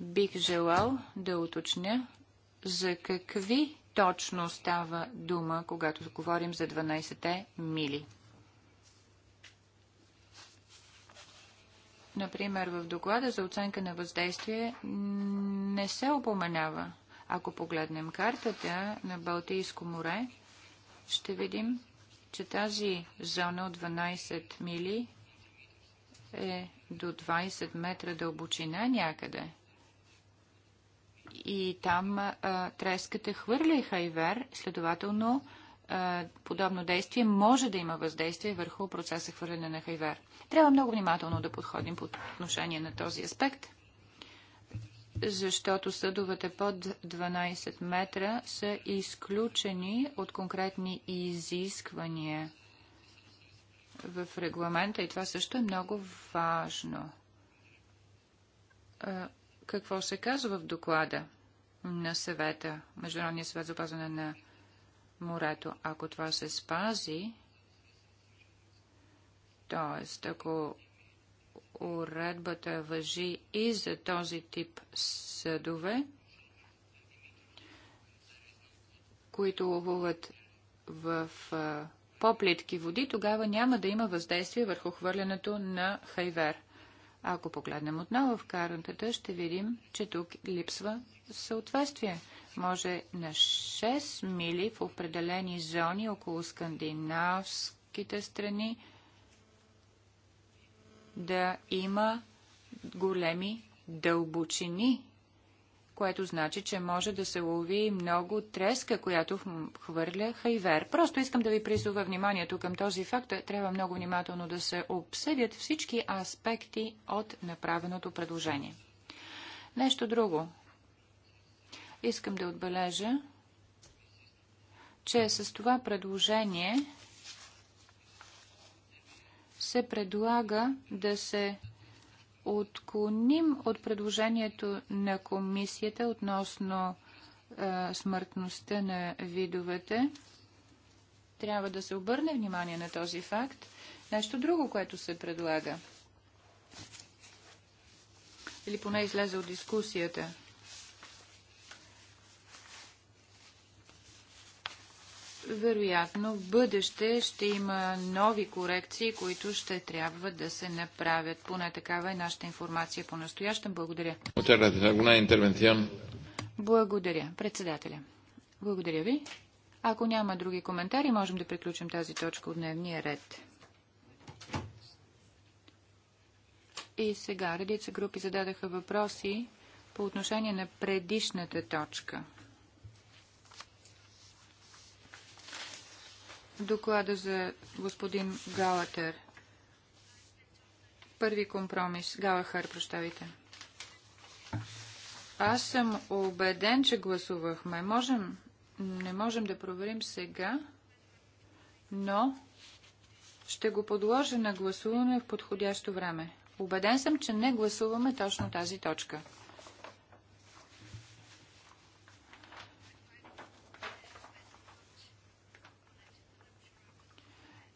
Бих желал да уточня за какви точно става дума, когато говорим за 12-те мили. Например, в доклада за оценка на въздействие не се упоменава ако погледнем картата на Балтийско море, ще видим, че тази зона от 12 мили е до 20 метра дълбочина някъде. И там а, треската хвърля хайвер, следователно а, подобно действие може да има въздействие върху процеса хвърляне на хайвер. Трябва много внимателно да подходим по отношение на този аспект защото съдовете под 12 метра са изключени от конкретни изисквания в регламента и това също е много важно. Какво се казва в доклада на съвета, Международния съвет за опазване на морето? Ако това се спази, т.е. ако уредбата въжи и за този тип съдове, които ловуват в по-плитки води, тогава няма да има въздействие върху хвърлянето на хайвер. Ако погледнем отново в карантата, ще видим, че тук липсва съответствие. Може на 6 мили в определени зони около скандинавските страни да има големи дълбочини, което значи, че може да се лови много треска, която хвърля хайвер. Просто искам да ви призова вниманието към този факт. Трябва много внимателно да се обсъдят всички аспекти от направеното предложение. Нещо друго. Искам да отбележа, че с това предложение се предлага да се отклоним от предложението на комисията относно е, смъртността на видовете. Трябва да се обърне внимание на този факт. Нещо друго, което се предлага. Или поне излезе от дискусията – вероятно в бъдеще ще има нови корекции, които ще трябва да се направят. Поне такава е нашата информация по настоящем. Благодаря. Благодаря, председателя. Благодаря ви. Ако няма други коментари, можем да приключим тази точка от дневния ред. И сега редица групи зададаха въпроси по отношение на предишната точка – доклада за господин Галатер. Първи компромис. Галахар, прощавайте. Аз съм убеден, че гласувахме. Можем, не можем да проверим сега, но ще го подложа на гласуване в подходящо време. Убеден съм, че не гласуваме точно тази точка.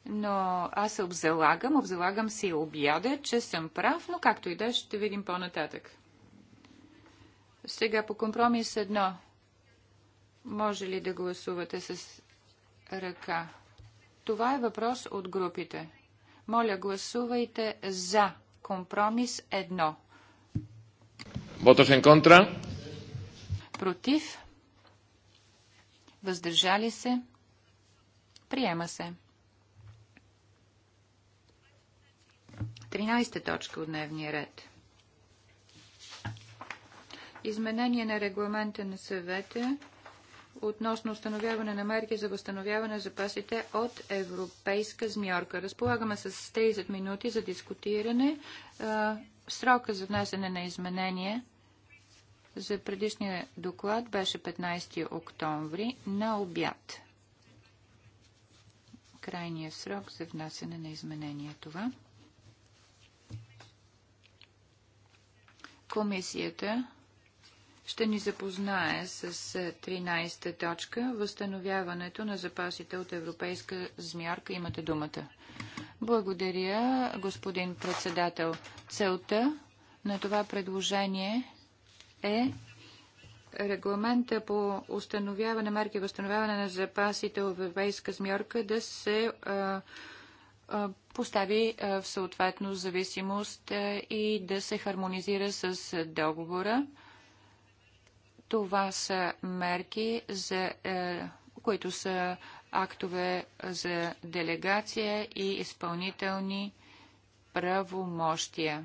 но аз се обзалагам, обзалагам и обяда, че съм прав, но както и да, ще видим по-нататък. Сега по компромис едно. Може ли да гласувате с ръка? Това е въпрос от групите. Моля, гласувайте за компромис едно. Ботов контра. Против. Въздържали се. Приема се. 13 та точка от дневния ред. Изменение на регламента на съвета относно установяване на мерки за възстановяване на запасите от европейска змиорка. Разполагаме с 30 минути за дискутиране. Срока за внасяне на изменение за предишния доклад беше 15 октомври на обяд. Крайният срок за внасяне на изменение е това. Комисията ще ни запознае с 13-та е, точка възстановяването на запасите от европейска змярка. Имате думата. Благодаря, господин председател. Целта на това предложение е регламента по установяване, мерки възстановяване на запасите от европейска змярка да се а, е, а, е, постави в съответно зависимост и да се хармонизира с договора. Това са мерки, за, е, които са актове за делегация и изпълнителни правомощия.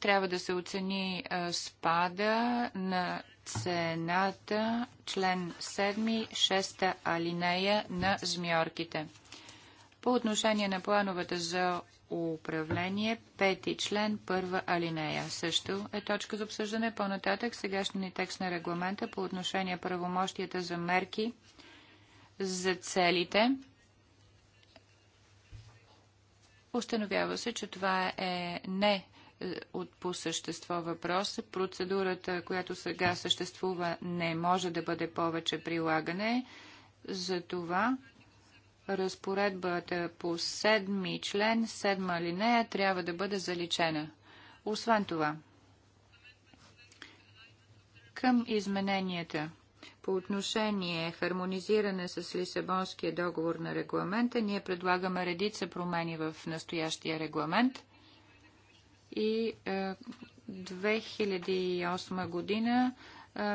Трябва да се оцени спада на цената член 7, 6 алинея на змиорките. По отношение на плановете за управление, пети член, първа алинея. Също е точка за обсъждане. По-нататък сегашния текст на регламента по отношение правомощията за мерки за целите. Установява се, че това е не е, от по същество въпрос. Процедурата, която сега съществува, не може да бъде повече прилагане. За това разпоредбата по седми член, седма линея трябва да бъде заличена. Освен това, към измененията по отношение хармонизиране с Лисабонския договор на регламента, ние предлагаме редица промени в настоящия регламент и 2008 е, година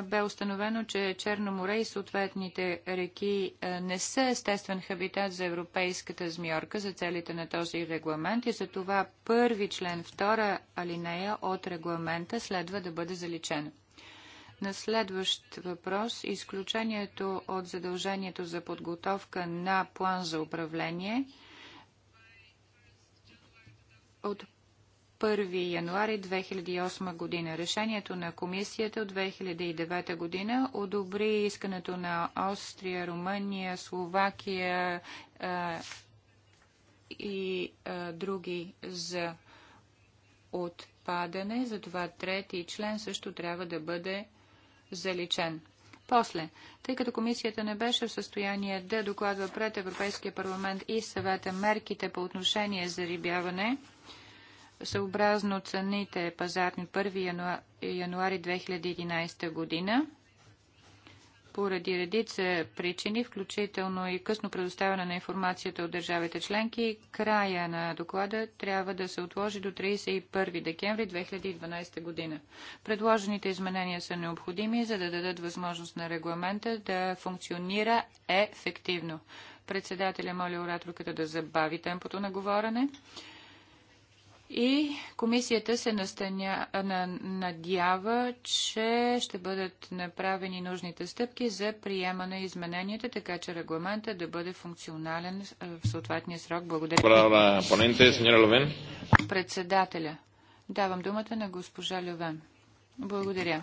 бе установено, че Черно море и съответните реки не са естествен хабитат за европейската змиорка за целите на този регламент и за това първи член, втора алинея от регламента следва да бъде заличен. На следващ въпрос, изключението от задължението за подготовка на план за управление – от 1 януари 2008 година. Решението на комисията от 2009 година одобри искането на Австрия, Румъния, Словакия а, и а, други за отпадане. Затова трети член също трябва да бъде заличен. После, тъй като комисията не беше в състояние да докладва пред Европейския парламент и съвета мерките по отношение за рибяване, съобразно цените пазарни 1 януари, януари 2011 година поради редица причини, включително и късно предоставяне на информацията от държавите членки, края на доклада трябва да се отложи до 31 декември 2012 година. Предложените изменения са необходими, за да дадат възможност на регламента да функционира ефективно. Председателя моля ораторката да забави темпото на говорене. И комисията се настаня, надява, че ще бъдат направени нужните стъпки за приемане на измененията, така че регламента да бъде функционален е, в съответния срок. Благодаря. Председателя. Давам думата на госпожа Льовен. Благодаря.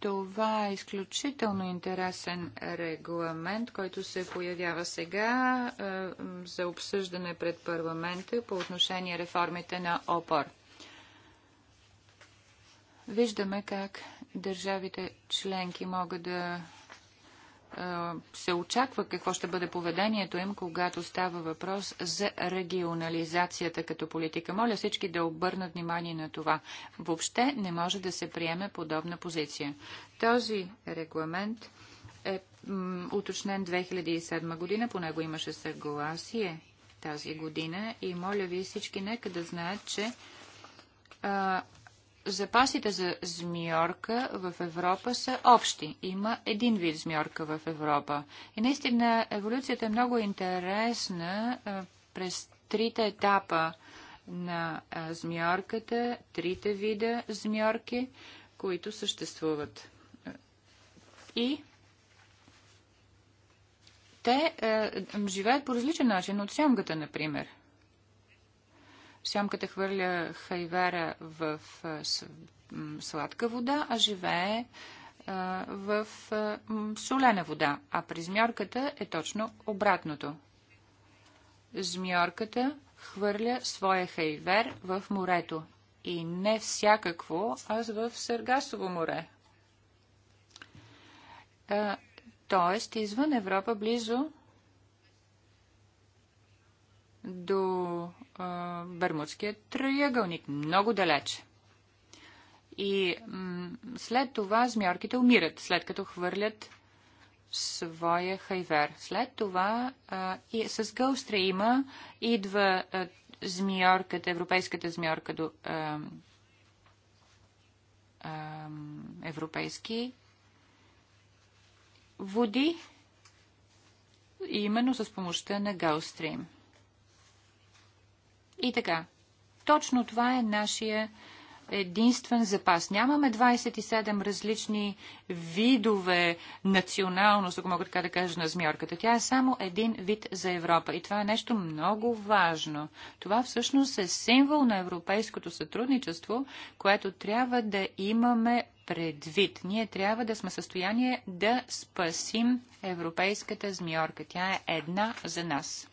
Това е изключително интересен регламент, който се появява сега е, за обсъждане пред парламента по отношение реформите на ОПОР. Виждаме как държавите членки могат да се очаква какво ще бъде поведението им, когато става въпрос за регионализацията като политика. Моля всички да обърнат внимание на това. Въобще не може да се приеме подобна позиция. Този регламент е уточнен 2007 година, по него имаше съгласие тази година и моля ви всички нека да знаят, че а, запасите за змиорка в Европа са общи. Има един вид змиорка в Европа. И наистина еволюцията е много интересна през трите етапа на змиорката, трите вида змиорки, които съществуват. И те е, живеят по различен начин от сямгата, например – Сьомката хвърля хайвера в сладка вода, а живее в солена вода, а при змьорката е точно обратното. Змьорката хвърля своя хайвер в морето и не всякакво, а в Съргасово море. Тоест, извън Европа, близо до а, Бермудския триъгълник, много далече. И след това змиорките умират, след като хвърлят своя хайвер. След това а, и с гълстра има, идва а, змиорката, европейската змиорка до а, а, европейски води, именно с помощта на Гълстрим. И така, точно това е нашия единствен запас. Нямаме 27 различни видове националност, ако мога така да кажа, на змиорката. Тя е само един вид за Европа. И това е нещо много важно. Това всъщност е символ на европейското сътрудничество, което трябва да имаме предвид. Ние трябва да сме в състояние да спасим европейската змиорка. Тя е една за нас.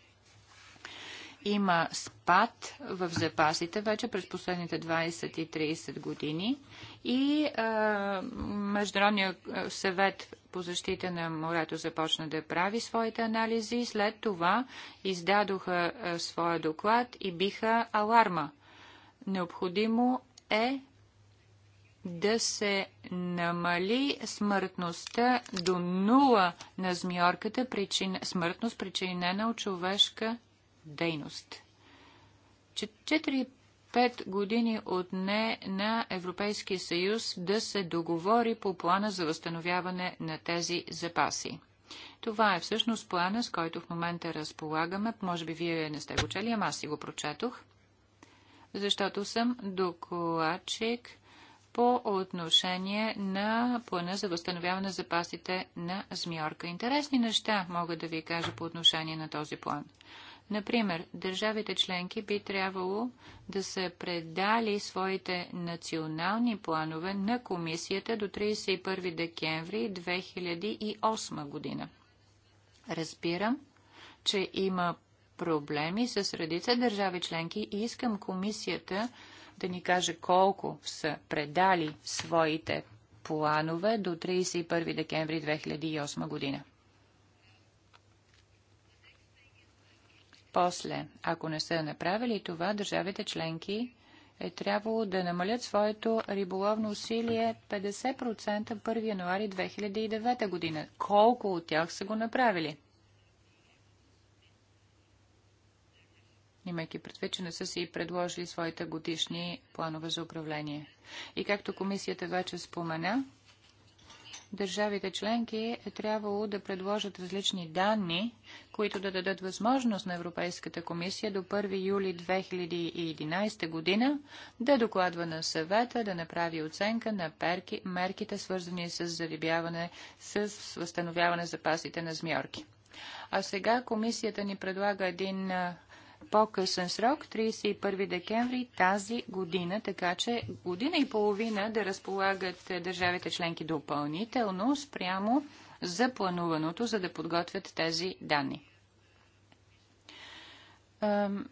Има спад в запасите вече през последните 20 и 30 години и а, Международният съвет по защита на морето започна да прави своите анализи. След това издадоха а, своя доклад и биха аларма. Необходимо е да се намали смъртността до нула на змиорката, причин... смъртност причинена от човешка дейност. 4-5 години отне на Европейския съюз да се договори по плана за възстановяване на тези запаси. Това е всъщност плана, с който в момента разполагаме. Може би вие не сте го чели, ама аз си го прочетох. Защото съм докладчик по отношение на плана за възстановяване на запасите на змиорка. Интересни неща мога да ви кажа по отношение на този план. Например, държавите членки би трябвало да са предали своите национални планове на комисията до 31 декември 2008 година. Разбирам, че има проблеми с редица държави членки и искам комисията да ни каже колко са предали своите планове до 31 декември 2008 година. после. Ако не са направили това, държавите членки е трябвало да намалят своето риболовно усилие 50% 1 януари 2009 година. Колко от тях са го направили? имайки предвид, че не са си предложили своите годишни планове за управление. И както комисията вече спомена, държавите членки е трябвало да предложат различни данни, които да дадат възможност на Европейската комисия до 1 юли 2011 година да докладва на съвета, да направи оценка на перки, мерките, свързани с заребяване, с възстановяване запасите на змиорки. А сега комисията ни предлага един по-късен срок, 31 декември тази година, така че година и половина да разполагат държавите членки допълнително спрямо за плануваното, за да подготвят тези данни.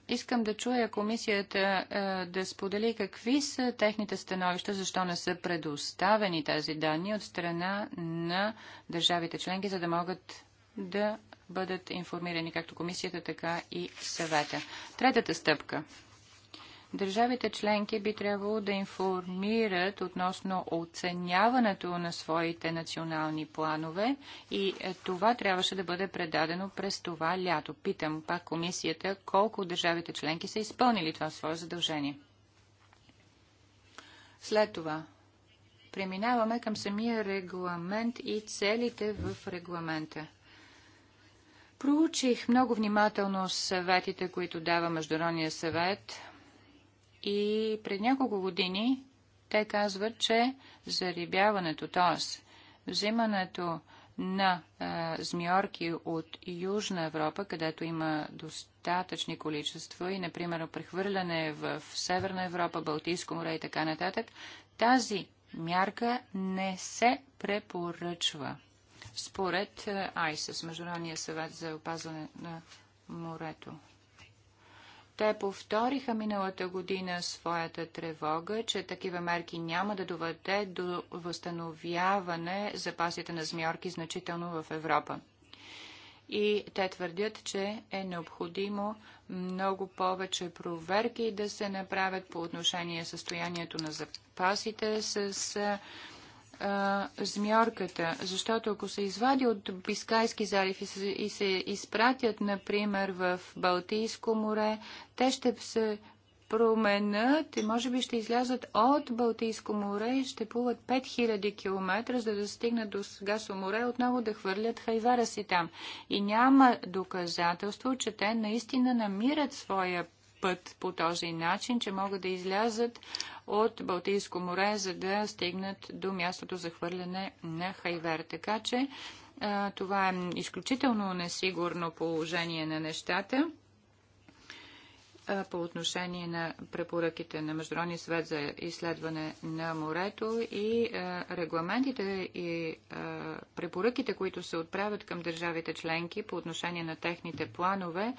Искам да чуя комисията да сподели какви са техните становища, защо не са предоставени тези данни от страна на държавите членки, за да могат да бъдат информирани както комисията, така и съвета. Третата стъпка. Държавите членки би трябвало да информират относно оценяването на своите национални планове и е, това трябваше да бъде предадено през това лято. Питам пак комисията колко държавите членки са изпълнили това свое задължение. След това преминаваме към самия регламент и целите в регламента. Проучих много внимателно съветите, които дава Международния съвет и пред няколко години те казват, че зарибяването, т.е. взимането на а, змиорки от Южна Европа, където има достатъчни количества и, например, прехвърляне в Северна Европа, Балтийско море и така нататък, тази мярка не се препоръчва според ISIS, е, Международния съвет за опазване на морето. Те повториха миналата година своята тревога, че такива мерки няма да доведе до възстановяване запасите на змиорки значително в Европа. И те твърдят, че е необходимо много повече проверки да се направят по отношение състоянието на запасите с е, а, защото ако се извади от Бискайски залив и се, и се изпратят, например, в Балтийско море, те ще се променят и може би ще излязат от Балтийско море и ще плуват 5000 км, за да стигнат до Гасо море, и отново да хвърлят хайвара си там. И няма доказателство, че те наистина намират своя път по този начин, че могат да излязат от Балтийско море, за да стигнат до мястото за хвърляне на Хайвер. Така че това е изключително несигурно положение на нещата по отношение на препоръките на Международния съвет за изследване на морето и регламентите и препоръките, които се отправят към държавите членки по отношение на техните планове,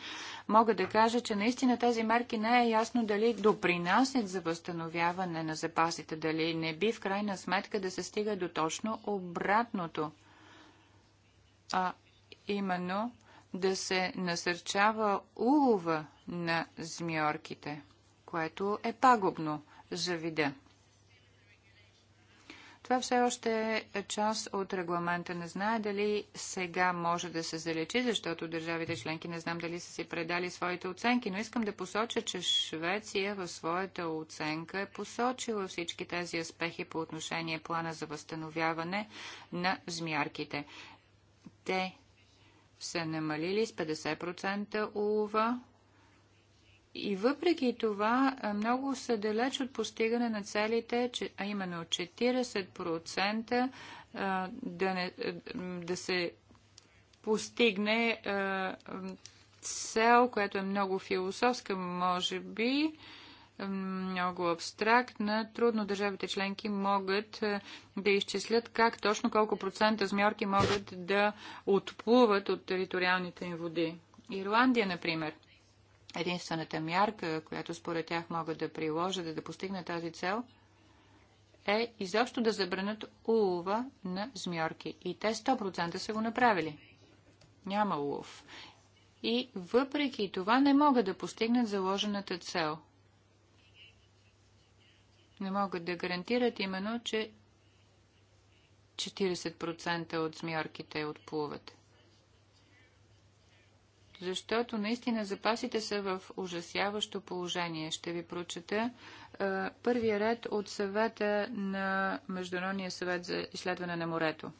мога да кажа, че наистина тези мерки не е ясно дали допринасят за възстановяване на запасите, дали не би в крайна сметка да се стига до точно обратното. А именно да се насърчава улова на змиорките, което е пагубно за вида. Това все още е част от регламента. Не знае дали сега може да се залечи, защото държавите членки не знам дали са си предали своите оценки, но искам да посоча, че Швеция в своята оценка е посочила всички тези аспехи по отношение плана за възстановяване на змярките. Те са намалили с 50% улова, и въпреки това много са далеч от постигане на целите, а именно 40% да, не, да се постигне цел, която е много философска, може би, много абстрактна. Трудно държавите членки могат да изчислят как точно колко процента змьорки могат да отплуват от териториалните им води. Ирландия, например – единствената мярка, която според тях могат да приложат, да, да постигнат тази цел, е изобщо да забранят улова на змьорки. И те 100% са го направили. Няма улов. И въпреки това не могат да постигнат заложената цел. Не могат да гарантират именно, че 40% от змьорките отплуват защото наистина запасите са в ужасяващо положение. Ще ви прочета първия ред от съвета на Международния съвет за изследване на морето.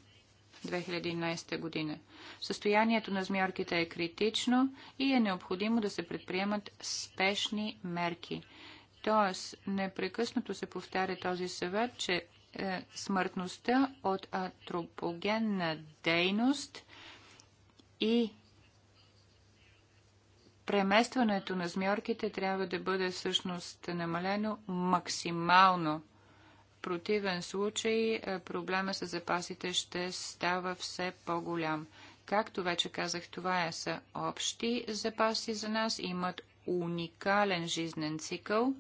2011 година. Състоянието на змярките е критично и е необходимо да се предприемат спешни мерки. Тоест, непрекъснато се повтаря този съвет, че е, смъртността от антропогенна дейност и преместването на змьорките трябва да бъде всъщност намалено максимално. В противен случай е, проблема с запасите ще става все по-голям. Както вече казах, това е са общи запаси за нас, имат уникален жизнен цикъл,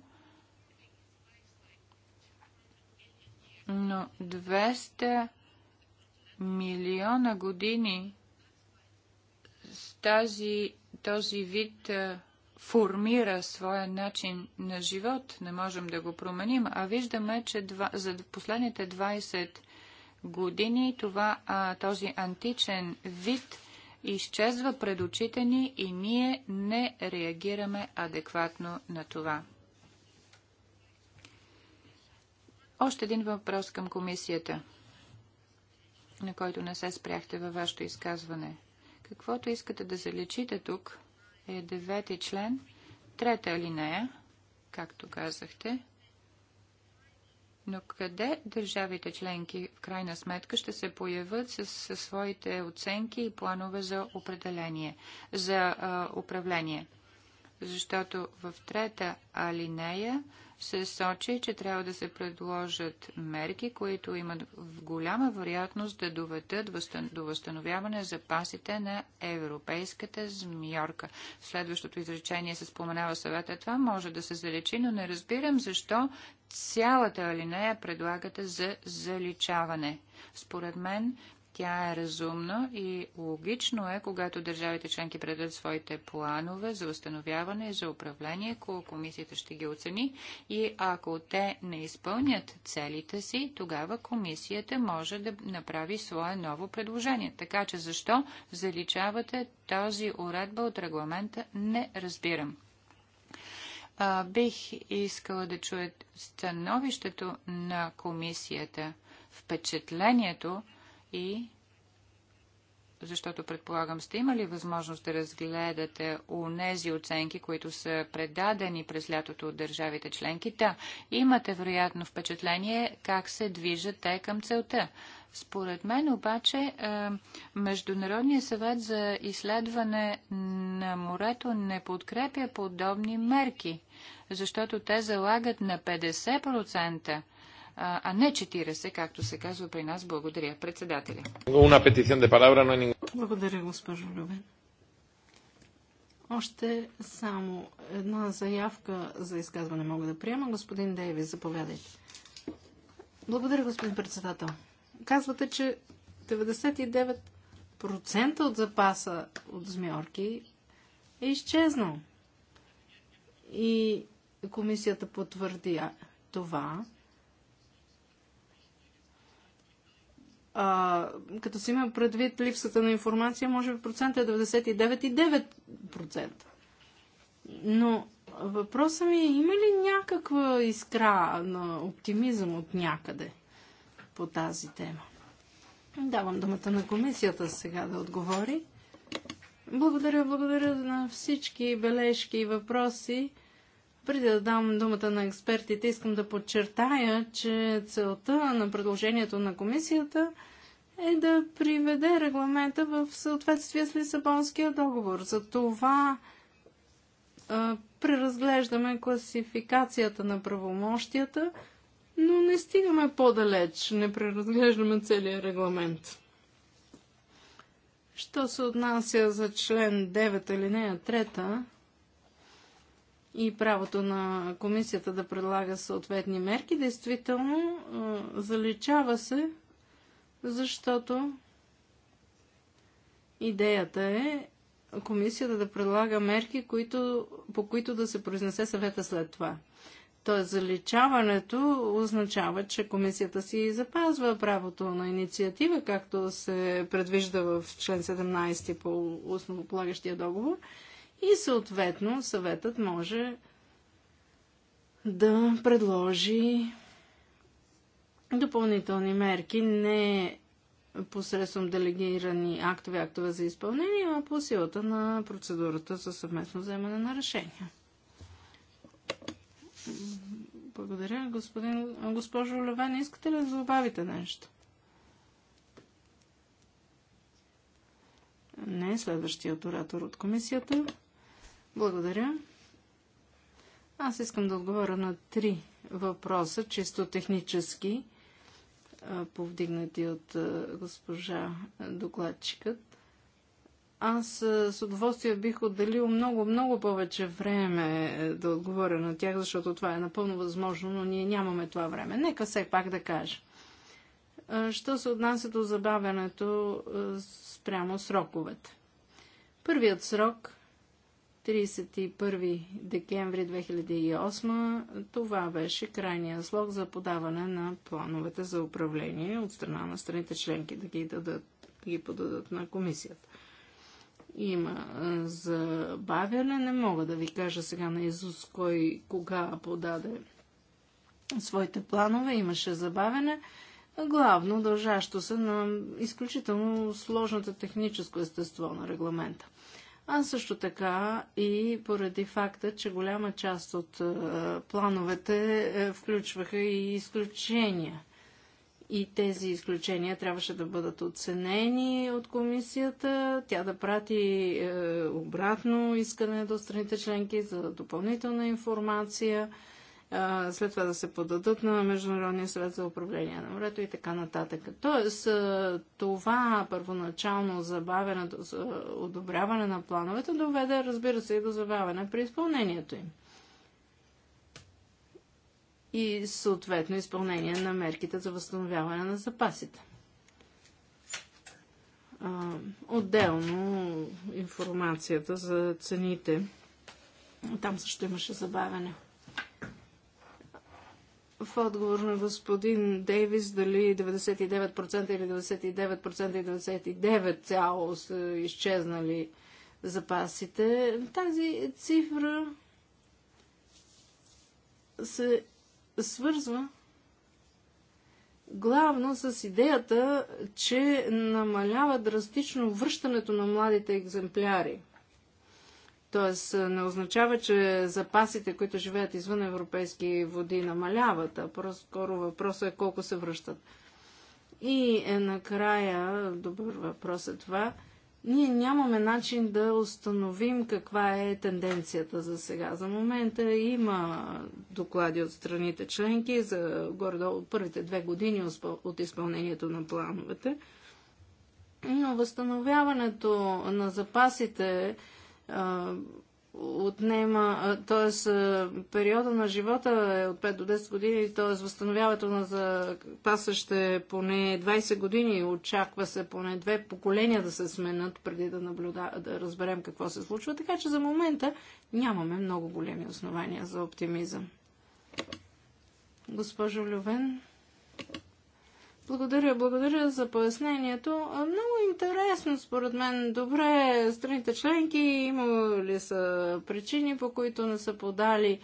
но 200 милиона години с тази този вид е, формира своя начин на живот, не можем да го променим, а виждаме, че за последните 20 години това, а, този античен вид изчезва пред очите ни и ние не реагираме адекватно на това. Още един въпрос към комисията, на който не се спряхте във вашето изказване – Каквото искате да залечите тук е девети член, трета алинея, както казахте. Но къде държавите членки в крайна сметка ще се появят със своите оценки и планове за определение, за а, управление? защото в трета алинея се сочи, че трябва да се предложат мерки, които имат в голяма вероятност да доведат до възстановяване запасите на европейската змиорка. Следващото изречение се споменава съвета. Това може да се залечи, но не разбирам защо цялата алинея предлагате за заличаване. Според мен тя е разумна и логично е, когато държавите членки предадат своите планове за установяване и за управление, комисията ще ги оцени и ако те не изпълнят целите си, тогава комисията може да направи свое ново предложение. Така че защо заличавате този уредба от регламента, не разбирам. А, бих искала да чуя становището на комисията. Впечатлението, и защото предполагам сте имали възможност да разгледате нези оценки, които са предадени през лятото от държавите членки. Да, имате вероятно впечатление как се движат те към целта. Според мен обаче е, Международният съвет за изследване на морето не подкрепя подобни мерки, защото те залагат на 50% а не 40, както се казва при нас. Благодаря, председателя. Благодаря, госпожо Любен. Още само една заявка за изказване мога да приема. Господин Дейвис, заповядайте. Благодаря, господин председател. Казвате, че 99% от запаса от змиорки е изчезнал. И комисията потвърди това. А, като си има предвид липсата на информация, може би процентът е 99,9%. Но въпросът ми е, има ли някаква искра на оптимизъм от някъде по тази тема? Давам думата на комисията сега да отговори. Благодаря, благодаря на всички бележки и въпроси. Преди да дам думата на експертите, искам да подчертая, че целта на предложението на комисията е да приведе регламента в съответствие с Лисабонския договор. За това а, преразглеждаме класификацията на правомощията, но не стигаме по-далеч, не преразглеждаме целият регламент. Що се отнася за член 9 алинея и правото на комисията да предлага съответни мерки, действително заличава се, защото идеята е комисията да предлага мерки, които, по които да се произнесе съвета след това. Тоест, заличаването означава, че комисията си запазва правото на инициатива, както се предвижда в член 17 по основополагащия договор, и съответно съветът може да предложи допълнителни мерки, не посредством делегирани актове, актове за изпълнение, а по силата на процедурата за съвместно вземане на решения. Благодаря. Господин, госпожо Левен, искате ли да добавите нещо? Не, следващият оратор от комисията. Благодаря. Аз искам да отговоря на три въпроса, чисто технически, повдигнати от госпожа докладчикът. Аз с удоволствие бих отделил много, много повече време е, да отговоря на тях, защото това е напълно възможно, но ние нямаме това време. Нека все пак да кажа. Що се отнася до забавянето спрямо сроковете? Първият срок 31 декември 2008 това беше крайния слог за подаване на плановете за управление от страна на страните членки да ги, дадат, да ги подадат на комисията. Има забавяне, не мога да ви кажа сега на Изус кой кога подаде своите планове, имаше забавяне главно дължащо се на изключително сложната техническо естество на регламента а също така и поради факта, че голяма част от е, плановете е, включваха и изключения. И тези изключения трябваше да бъдат оценени от комисията, тя да прати е, обратно искане до страните членки за допълнителна информация след това да се подадат на Международния съвет за управление на морето и така нататък. Тоест, това първоначално забавяне, одобряване на плановете доведе, разбира се, и до забавяне при изпълнението им. И съответно изпълнение на мерките за възстановяване на запасите. Отделно информацията за цените. Там също имаше забавяне в отговор на господин Дейвис, дали 99% или 99% и 99% цяло са изчезнали запасите, тази цифра се свързва главно с идеята, че намалява драстично връщането на младите екземпляри – Тоест е, не означава, че запасите, които живеят извън европейски води, намаляват, а просто скоро въпросът е колко се връщат. И е накрая, добър въпрос е това, ние нямаме начин да установим каква е тенденцията за сега. За момента има доклади от страните членки за горе-долу първите две години от изпълнението на плановете. Но възстановяването на запасите отнема, т.е. периода на живота е от 5 до 10 години, т.е. възстановяването на запасъще ще поне 20 години, очаква се поне две поколения да се сменят преди да, наблюда, да разберем какво се случва, така че за момента нямаме много големи основания за оптимизъм. Госпожо Лювен. Благодаря, благодаря за пояснението. Много интересно, според мен. Добре, страните членки имали ли са причини, по които не са подали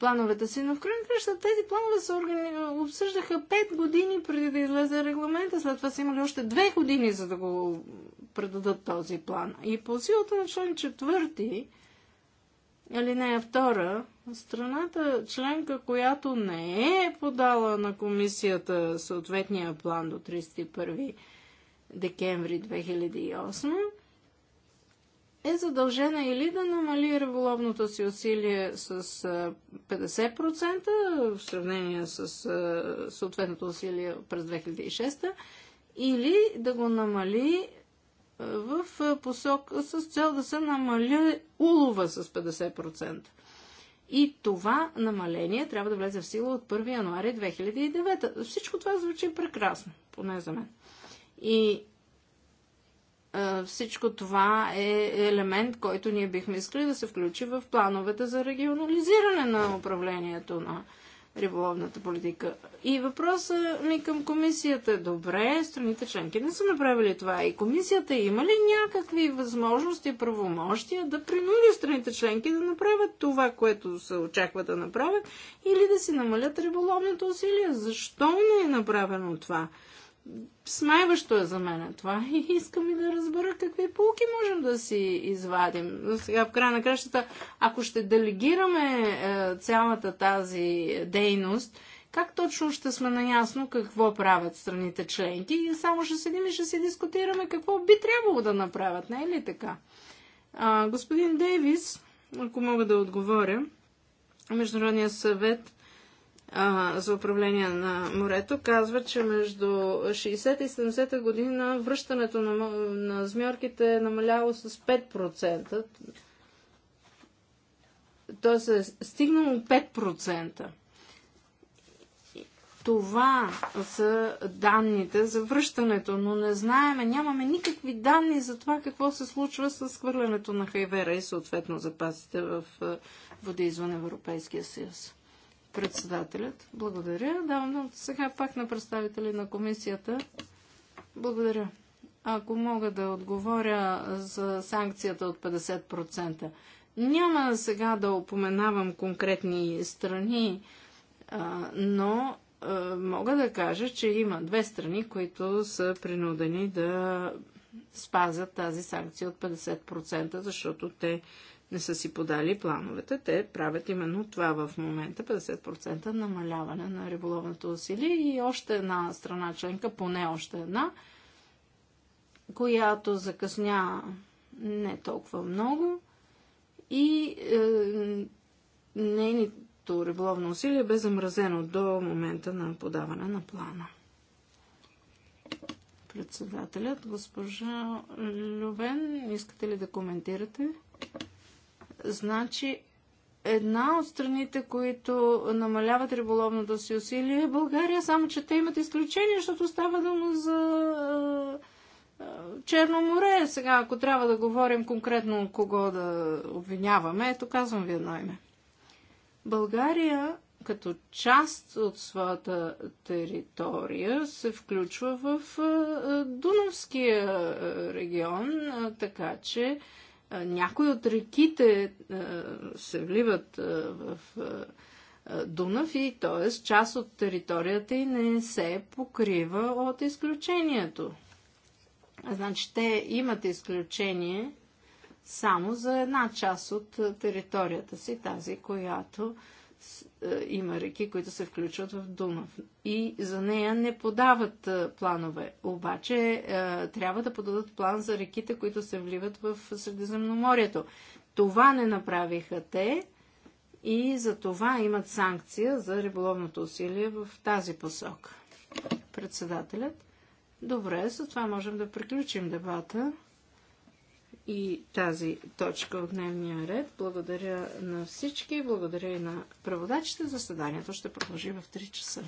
плановете си, но в крайна краща тези планове се органи... обсъждаха 5 години преди да излезе регламента, след това са имали още 2 години, за да го предадат този план. И по силата на член четвърти. Алинея втора, Страната членка, която не е подала на комисията съответния план до 31 декември 2008, е задължена или да намали риболовното си усилие с 50% в сравнение с съответното усилие през 2006, или да го намали в посока с цел да се намали улова с 50%. И това намаление трябва да влезе в сила от 1 януари 2009. Всичко това звучи прекрасно, поне за мен. И всичко това е елемент, който ние бихме искали да се включи в плановете за регионализиране на управлението на риболовната политика. И въпросът ми към комисията е добре, страните членки не са направили това. И комисията има ли някакви възможности, правомощия да принуди страните членки да направят това, което се очаква да направят, или да си намалят риболовното усилие? Защо не е направено това? Смайващо е за мен това и искам и да разбера какви полки можем да си извадим. Но сега в края на кращата, ако ще делегираме е, цялата тази дейност, как точно ще сме наясно какво правят страните членки и само ще седим и ще си дискутираме какво би трябвало да направят, не е ли така? А, господин Дейвис, ако мога да отговоря, Международния съвет за управление на морето казва, че между 60 и 70 година връщането на, на змьорките е намаляло с 5%. Тоест е стигнало 5%. Това са данните за връщането, но не знаеме, нямаме никакви данни за това какво се случва с хвърлянето на хайвера и съответно запасите в води извън Европейския съюз. Председателят, благодаря. Давам сега пак на представители на комисията. Благодаря. Ако мога да отговоря за санкцията от 50%. Няма сега да упоменавам конкретни страни, но мога да кажа, че има две страни, които са принудени да спазят тази санкция от 50%, защото те не са си подали плановете. Те правят именно това в момента 50% намаляване на риболовното усилие и още една страна членка, поне още една, която закъсня не толкова много и е, нейното риболовно усилие бе замразено до момента на подаване на плана. Председателят, госпожа Любен, искате ли да коментирате? Значи, една от страните, които намаляват риболовното си усилие е България, само че те имат изключение, защото става дума за е, е, Черно море. Сега, ако трябва да говорим конкретно кого да обвиняваме, ето казвам ви едно име. България като част от своята територия се включва в е, Дунавския регион, така че някои от реките се вливат в Дунав и т.е. част от територията и не се покрива от изключението. Значи те имат изключение само за една част от територията си, тази, която е, има реки, които се включват в Дунав. И за нея не подават е, планове. Обаче е, трябва да подадат план за реките, които се вливат в Средиземноморието. Това не направиха те и за това имат санкция за риболовното усилие в тази посока. Председателят. Добре, с това можем да приключим дебата и тази точка от дневния ред. Благодаря на всички, благодаря и на преводачите. Заседанието ще продължи в 3 часа.